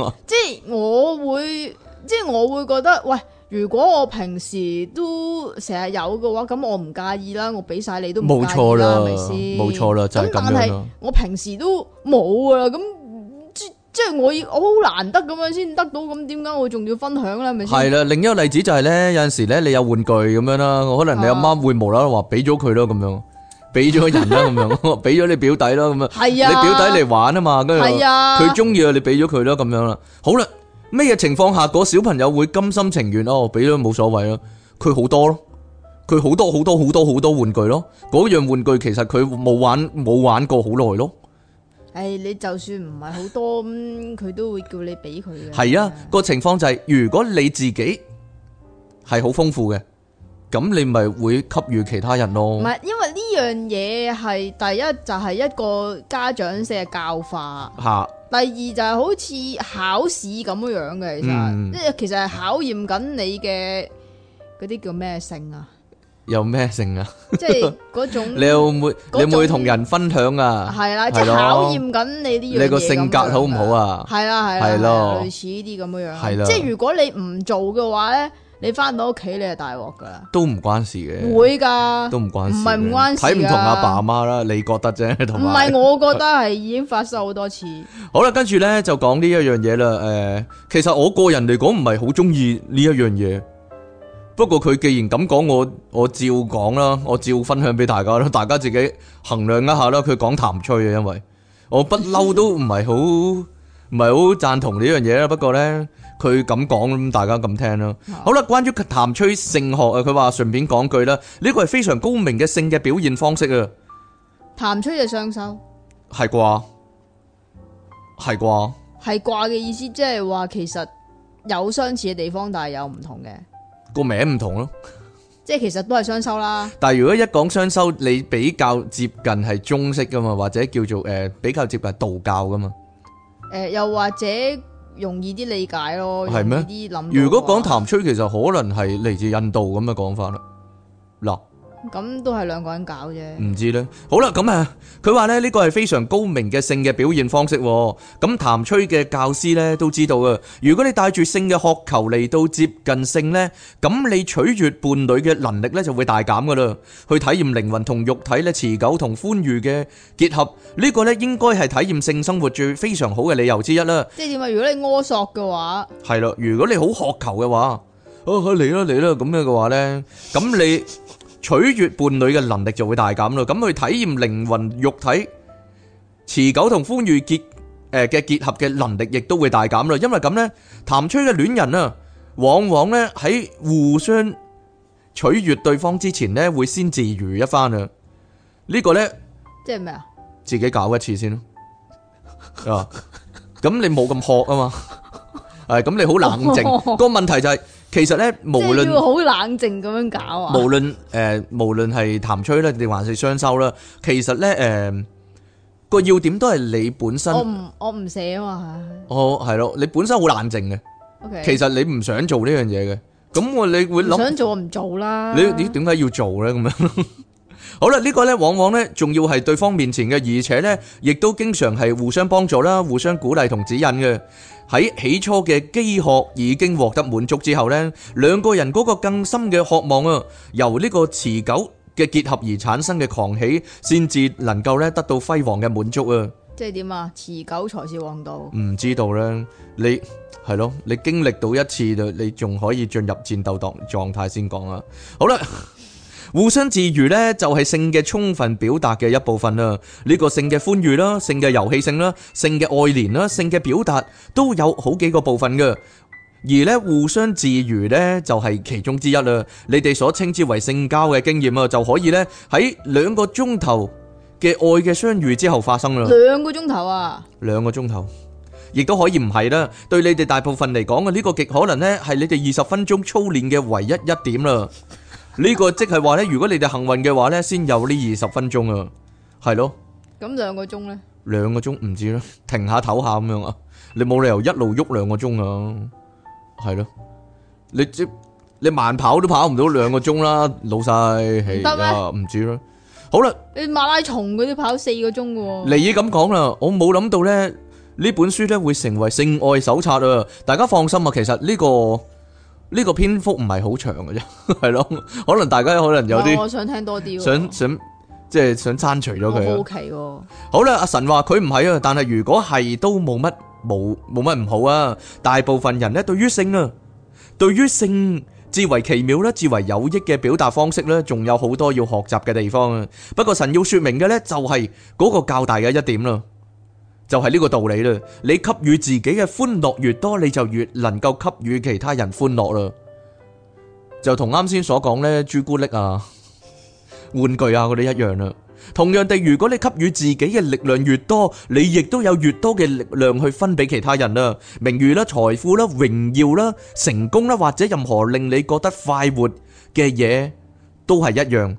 嗎 啊， 即係我會，即係我會覺得喂。如果我平時都成日有嘅話，咁我唔介意啦，我俾晒你都冇錯啦，係咪先？冇錯啦，咁、就係、但係我平時都冇噶啦，咁即即係我好難得咁樣先得到，咁點解我仲要分享咧？係咪先？係啦，另一個例子就係、是、咧，有陣時咧，你有玩具咁樣啦，我可能你阿媽會無啦啦話俾咗佢咯，咁樣俾咗人啦，咁樣俾咗你表弟咯，咁啊，你表弟嚟玩啊嘛，跟住係啊，佢中意啊，你俾咗佢咯，咁樣啦，好啦。咩嘢情況下，個小朋友會甘心情願咯？俾咗冇所謂咯，佢好多咯，佢好多好多好多好多玩具咯，嗰樣玩具其實佢冇玩冇玩過好耐咯。誒，你就算唔係好多咁，佢都會叫你俾佢嘅。係啊，個情況就係如果你自己係好豐富嘅，咁你咪會給予其他人咯。唔係因為。呢樣嘢，係第一就係、是、一個家長式嘅教化，的第二就係好似考試咁樣嘅，其實，即係 其實係考驗緊你嘅嗰啲叫咩性啊？有咩性啊？即係嗰種 你有冇你有冇同人分享啊？係啦的，即係的考驗緊你啲。你個性格好唔好啊？係啦係啦，係咯的，類似呢啲咁樣樣，即係的、就是、如果你唔做嘅話咧。你翻到屋企，你係大鑊噶，都唔關事嘅，會噶的，都唔關事，唔係唔關事，睇唔同阿爸阿媽啦，你覺得啫，同埋唔係，我覺得係已經發生好多次。 好啦，跟住咧就講呢一樣嘢啦。誒、呃，其實我個人嚟講唔係好中意呢一樣嘢，不過佢既然咁講，我我照講啦，我照分享俾大家啦，大家自己衡量一下啦。佢講談趣嘅，因為我不嬲都唔係好唔係好贊同呢樣嘢啦，不過咧。佢咁講咁，大家咁聽咯。好啦，關於譚崔性學啊，佢話順便講句啦，呢個係非常高明嘅性嘅表現方式啊。譚崔就雙修，係啩？係啩？係啩嘅意思，即係話其實有相似嘅地方，但係有唔同嘅個名唔同咯。即係其實都係雙修啦。但係如果一講雙修，你比較接近係中式㗎嘛，或者叫做誒比較接近道教㗎嘛？誒，又或者？容易啲理解咯，係咩嗎？啲諗。如果講談吹，其實可能係嚟自印度咁嘅講法啦。嗱。咁都係兩個人搞啫，唔知咧。好啦，咁、嗯、啊，佢話咧，呢個係非常高明嘅性嘅表現方式。咁譚崔嘅教師呢都知道啊。如果你帶住性嘅渴求嚟到接近性呢，咁你取悅伴侶嘅能力呢就會大減噶啦。去體驗靈魂同肉體咧持久同歡愉嘅結合，呢個呢應該係體驗性生活最非常好嘅理由之一啦。即係點話？如果你阿索嘅話，係咯。如果你好渴求嘅話，啊嚟啦嚟啦，咁樣嘅話呢，咁、啊啊啊、你。取悅伴侶嘅能力就會大減咯，咁去體驗靈魂、肉體、持久同歡愉結誒嘅結合嘅能力亦都會大減咯，因為咁咧，談出嘅戀人啊，往往咧喺互相取悅對方之前咧，會先自娛一番啊。呢個咧，即係咩啊？自己搞一次先咯。啊，咁你冇咁渴啊嘛？誒，咁你好冷靜。個問題就係。其實咧，無論好冷靜咁樣搞啊，無論誒，無論係談吹啦，定還是雙修啦，其實咧，誒個要點都係你本身。我唔，我唔寫啊嘛。哦，係咯，你本身好冷靜嘅。OK，其實你唔想做呢樣嘢嘅，咁我你會諗唔想做就唔做啦？你你點解要做咧？咁樣？好啦，呢、呢個咧往往咧仲要係對方面前嘅，而且呢亦都經常係互相幫助啦，互相鼓勵同指引嘅。喺起初嘅飢渴已經獲得滿足之後呢，兩個人嗰個更深嘅渴望啊，由呢個持久嘅結合而產生嘅狂喜，先至能夠咧得到輝煌嘅滿足啊！即係點啊？持久才是王道。唔知道啦，你係咯，你經歷到一次你仲可以進入戰鬥狀狀態先講啊。好啦。互相自娛咧，就係性嘅充分表達嘅一部分啦。呢個性嘅歡愉啦，性嘅遊戲性啦，性嘅愛戀啦，性嘅表達都有好幾個部分嘅。而咧互相自娛咧，就係其中之一啦。你哋所稱之為性交嘅經驗啊，就可以咧喺兩個鐘頭嘅愛嘅相遇之後發生啦。兩個鐘頭啊？兩個鐘頭，亦都可以唔係啦。對你哋大部分嚟講啊，呢個極可能咧，係你哋二十分鐘操練嘅唯一一點啦。呢個即係話咧，如果你哋幸運嘅話咧，先有呢二十分鐘啊，係咯。咁兩個鐘咧？兩個鐘唔知啦，停下唞下咁樣啊，你冇理由一路喐兩個鐘啊，係咯。你即你慢跑都跑唔到兩個鐘啦，老細，係啊，唔知啦。好啦，你馬拉松嗰啲跑四個鐘噶喎。你咁講啦，我冇諗到咧呢本書咧會成為性愛手冊啊！大家放心啊，其實呢個。呢個篇幅唔係好長嘅啫，係咯，可能大家可能有啲、呃，我想聽多啲，想想即係想刪除咗佢。好奇喎、哦、好啦、哦，阿神話佢唔係啊，但係如果係都冇乜冇冇乜唔好啊。大部分人呢，對於性啊，對於性，至為奇妙咧，至為有益嘅表達方式呢，仲有好多要學習嘅地方啊。不過神要説明嘅呢，就係嗰個較大嘅一點啦。就係呢個道理啦，你給予自己嘅歡樂越多，你就越能夠給予其他人歡樂啦。就同啱先所講呢，朱古力啊、玩具啊嗰啲一樣啦。同樣地，如果你給予自己嘅力量越多，你亦都有越多嘅力量去分俾其他人啦。名譽啦、財富啦、榮耀啦、成功啦，或者任何令你覺得快活嘅嘢，都係一樣。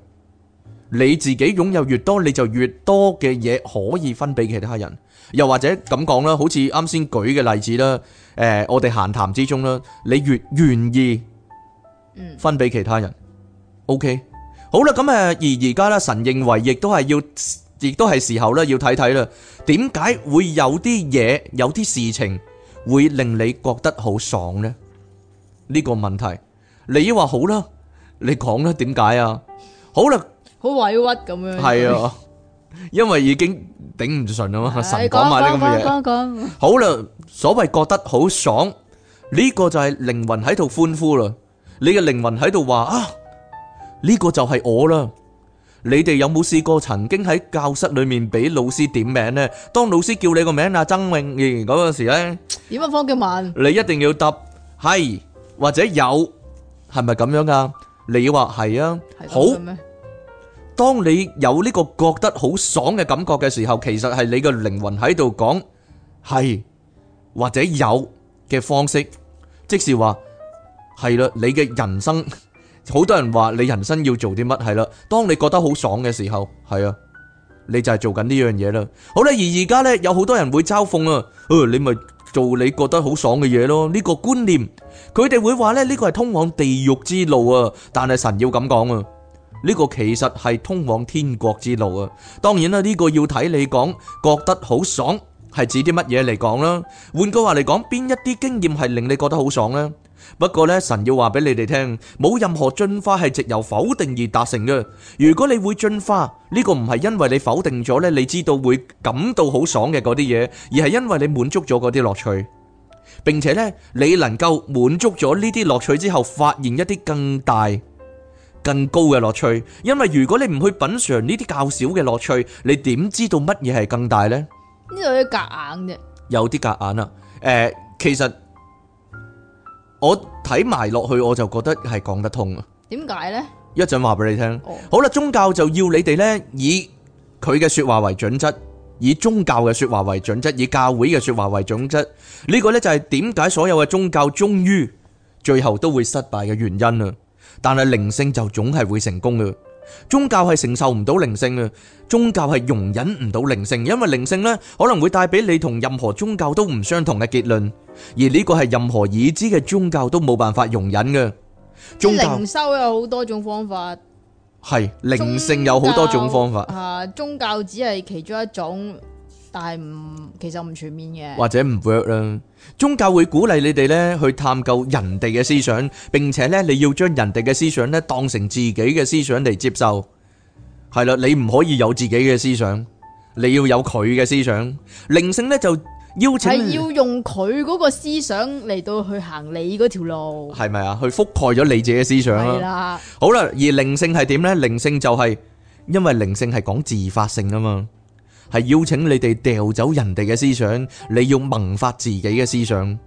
你自己擁有越多，你就越多嘅嘢可以分俾其他人。又或者咁講啦，好似啱先舉嘅例子啦，誒，我哋閒談之中啦，你越願意分俾其他人，OK，好啦，咁誒而而家啦，神認為亦都係要，亦都係時候啦，要睇睇，啦，點解會有啲嘢，有啲事情會令你覺得好爽咧？呢個問題，你話好啦，你講啦，點解啊？好啦，好委屈咁樣。係啊。因為已經頂唔順啊嘛，神講埋啲咁嘅嘢。好啦，所謂覺得好爽呢個就係靈魂喺度歡呼啦。你嘅靈魂喺度話啊，呢個就係我啦。你哋有冇試過曾經喺教室裏面俾老師點名呢？當老師叫你個名啊，曾穎儀嗰陣時呢？點樣，方建文。你一定要答係或者有，係咪咁樣㗎？你話係啊，好。當你有呢個覺得好爽嘅感覺嘅時候，其實係你個靈魂喺度講係或者有嘅方式，即是話係啦。你嘅人生，好多人話你人生要做啲乜係啦。當你覺得好爽嘅時候，係啊，你就係做緊呢樣嘢啦。好啦，而而家呢，有好多人會嘲諷啊，誒、呃，你咪做你覺得好爽嘅嘢咯。呢、這個觀念，佢哋會話咧呢、這個係通往地獄之路啊，但係神要咁講啊。呢個其實係通往天國之路啊！當然啦，呢個要睇你講覺得好爽係指啲乜嘢嚟講啦。換句話嚟講，邊一啲經驗係令你覺得好爽呢？不過呢，神要話俾你哋聽，冇任何進化係藉由否定而達成嘅。如果你會進化，呢個唔係因為你否定咗呢你知道會感到好爽嘅嗰啲嘢，而係因為你滿足咗嗰啲樂趣，並且呢，你能夠滿足咗呢啲樂趣之後，發現一啲更大。更高嘅樂趣，因為如果你唔去品嘗呢啲較少嘅樂趣，你點知道乜嘢係更大呢？呢度有啲夾硬啫，有啲夾硬啦。誒，其實我睇埋落去，我就覺得係講得通啊。點解呢？一陣話俾你聽。Oh. 好啦，宗教就要你哋呢，以佢嘅說話為準則，以宗教嘅說話為準則，以教會嘅說話為準則。呢、這個呢，就係點解所有嘅宗教終於最後都會失敗嘅原因啊！但係靈性就總係會成功嘅，宗教係承受唔到靈性嘅，宗教係容忍唔到靈性，因為靈性咧可能會帶俾你同任何宗教都唔相同嘅結論，而呢個係任何已知嘅宗教都冇辦法容忍嘅。宗教靈修有好多種方法，係靈性有好多種方法啊，宗教只係其中一種。但係唔，其實唔全面嘅，或者唔 work 啦。宗教會鼓勵你哋咧去探究人哋嘅思想，並且咧你要將人哋嘅思想咧當成自己嘅思想嚟接受。係啦，你唔可以有自己嘅思想，你要有佢嘅思想。靈性咧就邀請係要用佢嗰個思想嚟到去行你嗰條路，係咪啊？去覆蓋咗你自己嘅思想啦。好啦，而靈性係點咧？靈性就係因為靈性係講自發性啊嘛。係邀請你哋掉走人哋嘅思想，你要萌發自己嘅思想。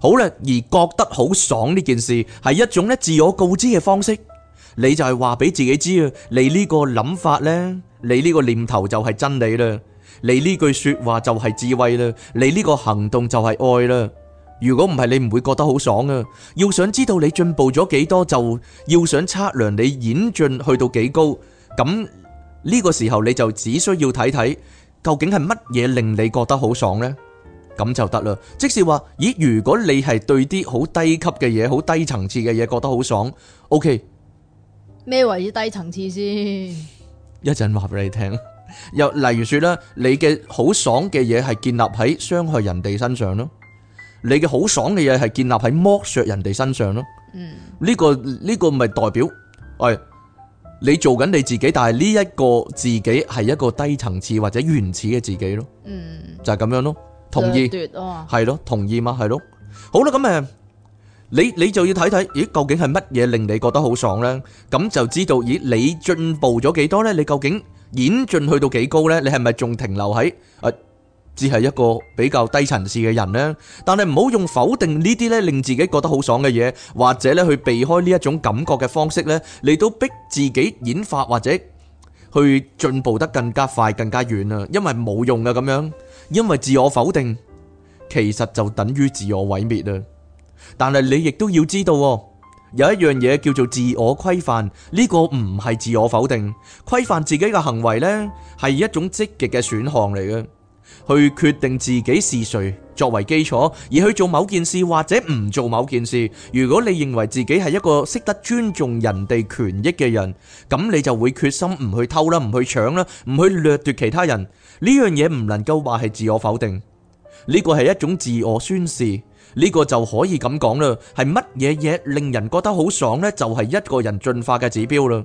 好啦，而覺得好爽呢件事係一種咧自我告知嘅方式。你就係話俾自己知啊，你呢個諗法呢，你呢個念頭就係真理啦，你呢句說話就係智慧啦，你呢個行動就係愛啦。如果唔係，你唔會覺得好爽啊？要想知道你進步咗幾多，就要想測量你演進去到幾高，咁呢個時候你就只需要睇睇。究竟係乜嘢令你覺得好爽咧？咁就得啦。即使話咦，如果你係對啲好低級嘅嘢、好低層次嘅嘢覺得好爽，OK？咩為之低層次先？一陣話俾你聽。又例如說咧，你嘅好爽嘅嘢係建立喺傷害人哋身上咯，你嘅好爽嘅嘢係建立喺剝削人哋身上咯。嗯，呢個呢個咪代表喂。你做緊你自己，但係呢一個自己係一個低層次或者原始嘅自己咯，就係咁樣咯，同意係咯，同意嘛係咯，好啦咁誒，你你就要睇睇，咦究竟係乜嘢令你覺得好爽咧？咁就知道，咦你進步咗幾多咧？你究竟演進去到幾高咧？你係咪仲停留喺誒？只係一個比較低層次嘅人咧，但係唔好用否定呢啲咧令自己覺得好爽嘅嘢，或者咧去避開呢一種感覺嘅方式咧，你都逼自己演化或者去進步得更加快、更加遠啊，因為冇用噶，咁樣，因為自我否定其實就等於自我毀滅啦。但係你亦都要知道，有一樣嘢叫做自我規範，呢個唔係自我否定，規範自己嘅行為咧係一種積極嘅選項嚟嘅。去決定自己是誰，作為基礎而去做某件事或者唔做某件事。如果你認為自己係一個識得尊重人哋權益嘅人，咁你就會決心唔去偷啦，唔去搶啦，唔去掠奪其他人。呢樣嘢唔能夠話係自我否定，呢個係一種自我宣示。呢、這個就可以咁講啦，係乜嘢嘢令人覺得好爽呢？就係、是、一個人進化嘅指標啦。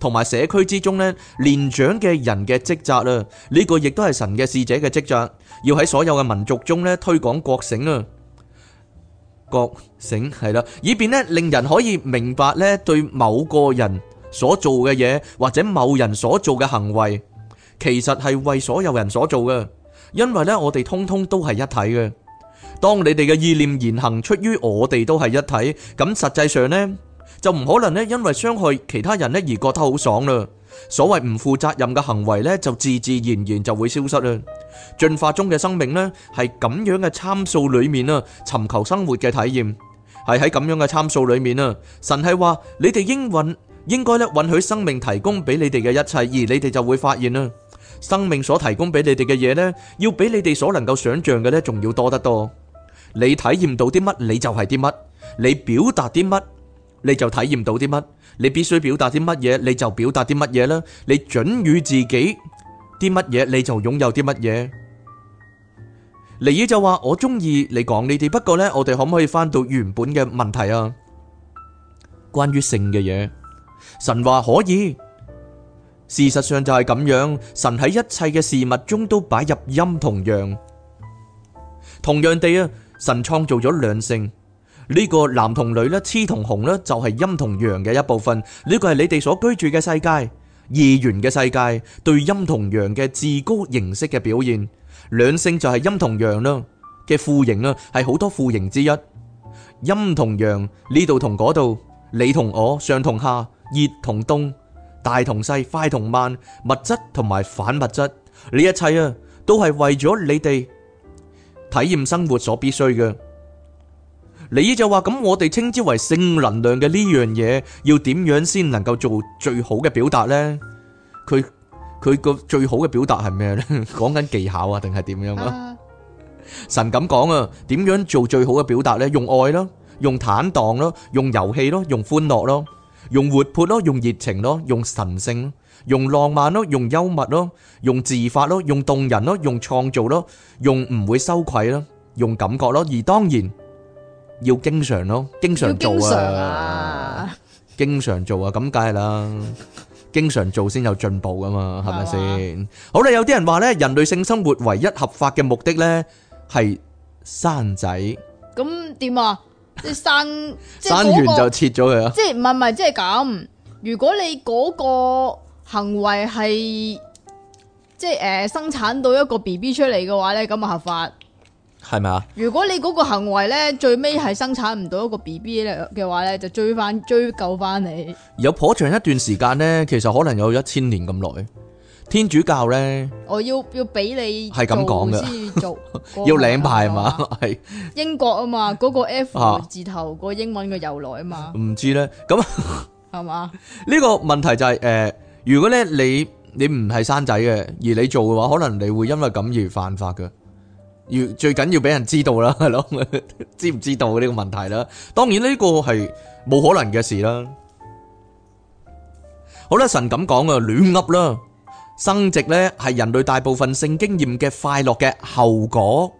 同埋社區之中呢，年長嘅人嘅職責，呢個亦都係神嘅使者嘅職責，要喺所有嘅民族中呢，推廣覺醒。覺醒，係啦，以便呢，令人可以明白呢，對某個人所做嘅嘢,或者某人所做嘅行為，其實係為所有人所做嘅，因為呢，我哋通通都係一體嘅。當你哋嘅意念言行出於我哋都係一體，咁實際上呢，就唔可能咧，因為傷害其他人咧而覺得好爽啦。所謂唔負責任嘅行為咧，就自自然然就會消失啦。進化中嘅生命咧，係咁樣嘅參數裏面啊，尋求生活嘅體驗係喺咁樣嘅參數裏面啊。神係話你哋應允，應該咧允許生命提供俾你哋嘅一切，而你哋就會發現啦，生命所提供俾你哋嘅嘢咧，要比你哋所能夠想象嘅咧仲要多得多。你體驗到啲乜，你就係啲乜，你表達啲乜。你就體驗到啲乜？你必須表達啲乜嘢？你就表達啲乜嘢啦？你准予自己啲乜嘢？你就擁有啲乜嘢？尼爾就話：我中意你講你哋，不過呢，我哋可唔可以翻到原本嘅問題啊？關於性嘅嘢，神話，可以。事實上就係咁樣，神喺一切嘅事物中都擺入陰同陽，同樣地啊，神創造咗兩性。呢個男同女咧，雌同雄咧，就係、是、陰同陽嘅一部分。呢、這個係你哋所居住嘅世界，二元嘅世界，對陰同陽嘅至高形式嘅表現。兩性就係陰同陽啦嘅副形啊，係好多副形之一。陰同陽呢度同嗰度，你同我，上同下，熱同凍，大同細，快同慢，物質同埋反物質，呢一切啊，都係為咗你哋體驗生活所必須嘅。你就話咁，我哋稱之為性能量嘅呢樣嘢，要點樣先能夠做最好嘅表達呢？佢佢個最好嘅表達係咩呢？講緊技巧啊，定係點樣啊？神咁講啊，點樣做最好嘅表達呢？用愛咯，用坦蕩咯，用遊戲咯，用歡樂咯，用活潑咯，用熱情咯，用神聖咯，用浪漫咯，用幽默咯，用自發咯，用動人咯，用創造咯，用唔會羞愧咯，用感覺咯，而當然。要經常咯，經常做啊，經常做啊，咁梗係啦，經常做先有進步噶嘛，係咪先？好啦，有啲人話咧，人類性生活唯一合法嘅目的咧係生仔，咁點啊？即係生，生完就切咗佢啊？即係唔係唔係，即係咁。如果你嗰個行為係即係誒生產到一個 BB 出嚟嘅話咧，咁啊合法。係咪啊？如果你嗰個行為咧，最尾係生產唔到一個 BB 咧嘅話咧，就追翻追究翻你。有頗長一段時間咧，其實可能有一千年咁耐。天主教咧，我要要俾你係咁講嘅，要領牌嘛？係英國啊嘛，嗰個 F 字頭個英文嘅由來啊嘛？唔知咧，咁係嘛？呢個問題就係誒，如果咧你你唔係生仔嘅，而你做嘅話，可能你會因為咁而犯法嘅。要最緊要俾人知道啦，係咯，知唔知道呢個問題啦？當然呢個係冇可能嘅事啦。好啦，神咁講啊，亂噏啦，生殖咧係人類大部分性經驗嘅快樂嘅後果，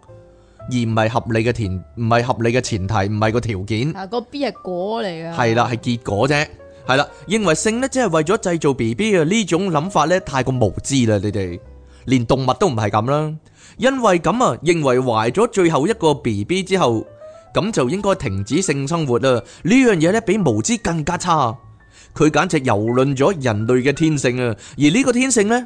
而唔係合理嘅前唔係合理嘅前提，唔係個條件。啊，個 B 係果嚟嘅。係啦，係結果啫。係啦，認為性咧只係為咗製造 BB 啊呢種諗法咧太過無知啦！你哋連動物都唔係咁啦。因為咁啊，認為懷咗最後一個 BB 之後，咁就應該停止性生活啦。呢樣嘢咧，比無知更加差。佢簡直游論咗人類嘅天性啊！而呢個天性咧，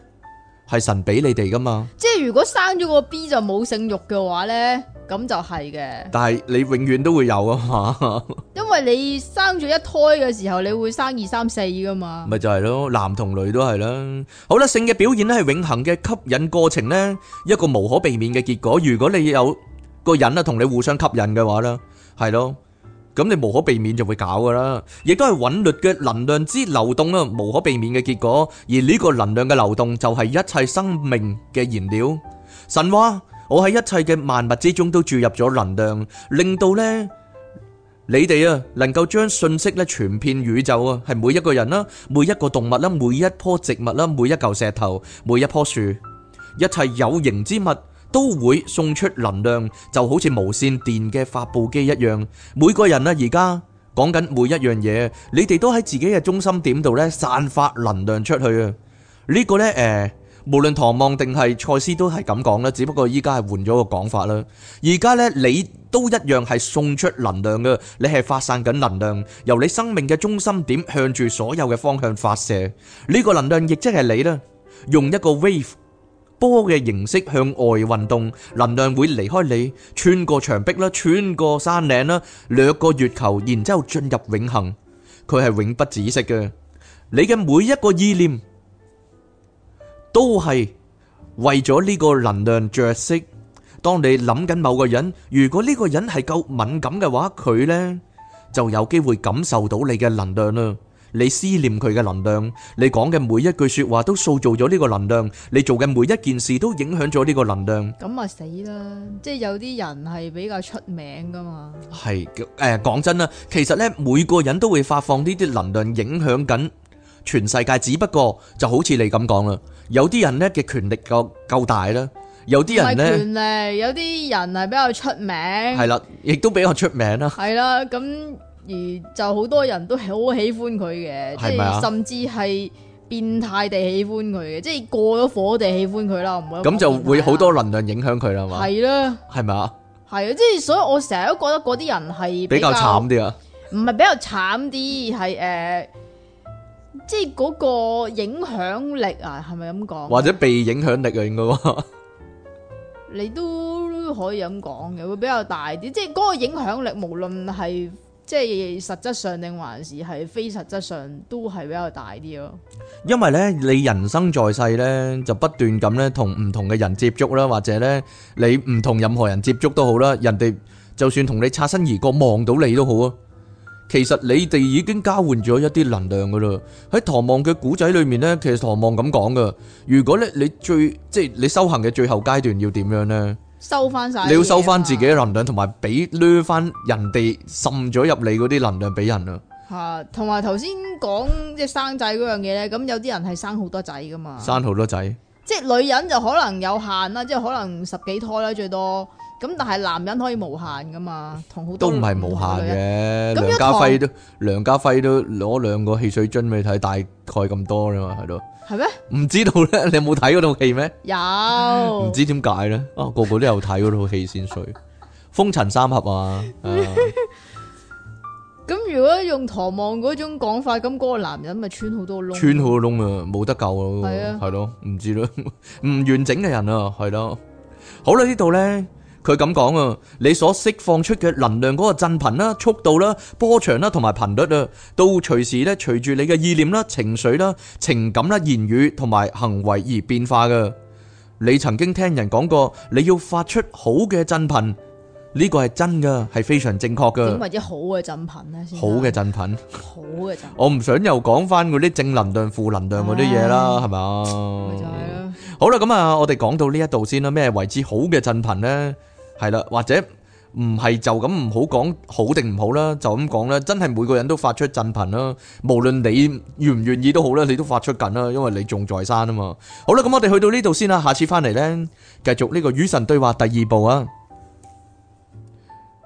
係神俾你哋噶嘛？即係如果生咗個 B 就冇性欲嘅話咧，咁就係嘅。但係你永遠都會有啊嘛，因為你生咗一胎嘅時候，你會生二三四噶嘛。咪就係咯，男同女都係啦。好啦，性嘅表現咧係永恒嘅吸引過程咧，一個無可避免嘅結果。如果你有個人啊同你互相吸引嘅話咧，係咯。咁你無可避免就會搞噶啦，亦都係韻律嘅能量之流動啊，無可避免嘅結果。而呢個能量嘅流動就係一切生命嘅燃料。神話我喺一切嘅萬物之中都注入咗能量，令到呢你哋啊能夠將信息咧傳遍宇宙啊，係每一個人啦、每一個動物啦、每一棵植物啦、每一嚿石頭、每一棵樹，一切有形之物。都會送出能量，就好似無綫電嘅發佈機一樣。每個人啊，而家講緊每一樣嘢，你哋都喺自己嘅中心點度咧散發能量出去啊！呢個呢，誒、呃，無論唐望定係賽斯都係咁講啦，只不過依家係換咗個講法啦。而家呢，你都一樣係送出能量噶，你係發散緊能量，由你生命嘅中心點向住所有嘅方向發射。呢個能量亦即係你啦，用一個 wave。波嘅形式向外運動，能量會離開你，穿過牆壁啦，穿過山嶺啦，掠過月球，然之後進入永恆。佢係永不止息嘅。你嘅每一個意念，都係為咗呢個能量着色。當你諗緊某個人，如果呢個人係夠敏感嘅話，佢呢就有機會感受到你嘅能量啦。你思念佢嘅能量，你講嘅每一句說話都塑造咗呢個能量，你做嘅每一件事都影響咗呢個能量。咁咪死啦！即係有啲人係比較出名噶嘛。係嘅，誒，講真啦，其實呢每個人都會發放呢啲能量，影響緊全世界。只不過就好似你咁講啦，有啲人呢嘅權力夠夠大啦，有啲人呢權力，有啲人係比較出名，係啦，亦都比較出名啦，係啦，咁。而就好多人都好喜歡佢嘅，吧即係甚至係變態地喜歡佢嘅，嗯、即係過咗火地喜歡佢啦。唔、嗯、會咁就會好多能量影響佢啦，嘛、嗯？係啦吧，係咪啊？係啊，即係所以我成日都覺得嗰啲人係比較慘啲啊，唔係比較慘啲，係誒、呃，即係嗰個影響力啊，係咪咁講？或者被影響力啊，應 該你都可以咁講嘅，會比較大啲，即係嗰個影響力，無論係。即係實質上定還是係非實質上都係比較大啲咯。因為咧，你人生在世咧，就不斷咁咧同唔同嘅人接觸啦，或者咧你唔同任何人接觸都好啦，人哋就算同你擦身而過望到你都好啊。其實你哋已經交換咗一啲能量噶啦。喺唐望嘅故仔裏面咧，其實唐望咁講噶。如果咧，你最即係你修行嘅最後階段要點樣咧？收翻曬，你要收翻自己嘅能量，同埋俾攞翻人哋滲咗入你嗰啲能量俾人啊！嚇，同埋頭先講即係生仔嗰樣嘢咧，咁有啲人係生好多仔噶嘛？生好多仔，即係女人就可能有限啦，即係可能十幾胎啦最多。咁但係男人可以無限噶嘛？同好多都唔係無限嘅如。梁家輝都梁家輝都攞兩個汽水樽俾你睇，大概咁多啫嘛，係咯。係咩？唔知道咧，你有冇睇嗰套戲咩？有，唔知點解咧？哦、啊，個個都有睇嗰套戲先水《風塵三俠》啊！咁、 啊、如果用唐望嗰種講法，咁、那、嗰個男人咪穿好多窿，穿好多窿啊！冇得救咯，係啊，係、那、咯、個，唔、啊、知咯，唔 完整嘅人啊，係咯，好啦，呢度咧。佢咁講啊，你所釋放出嘅能量嗰個振頻啦、速度啦、波長啦同埋頻率啊，都隨時咧隨住你嘅意念啦、情緒啦、情感啦、言語同埋行為而變化噶。你曾經聽人講過，你要發出好嘅振頻，呢個係真噶，係非常正確噶。點為之好嘅振頻咧？好嘅振頻。好嘅振。 我唔想又講翻嗰啲正能量、負能量嗰啲嘢啦，係咪啊？咪就係咯。的好啦，咁啊，我哋講到呢一度先啦。咩係為之好嘅振頻呢？係啦，或者唔係就咁唔好講好定唔好啦，就咁講啦，真係每個人都發出振頻啦，無論你願唔願意都好啦，你都發出緊啦，因為你仲在生啊嘛。好啦，咁我哋去到呢度先啦，下次翻嚟呢，繼續呢個與神對話第二部啊。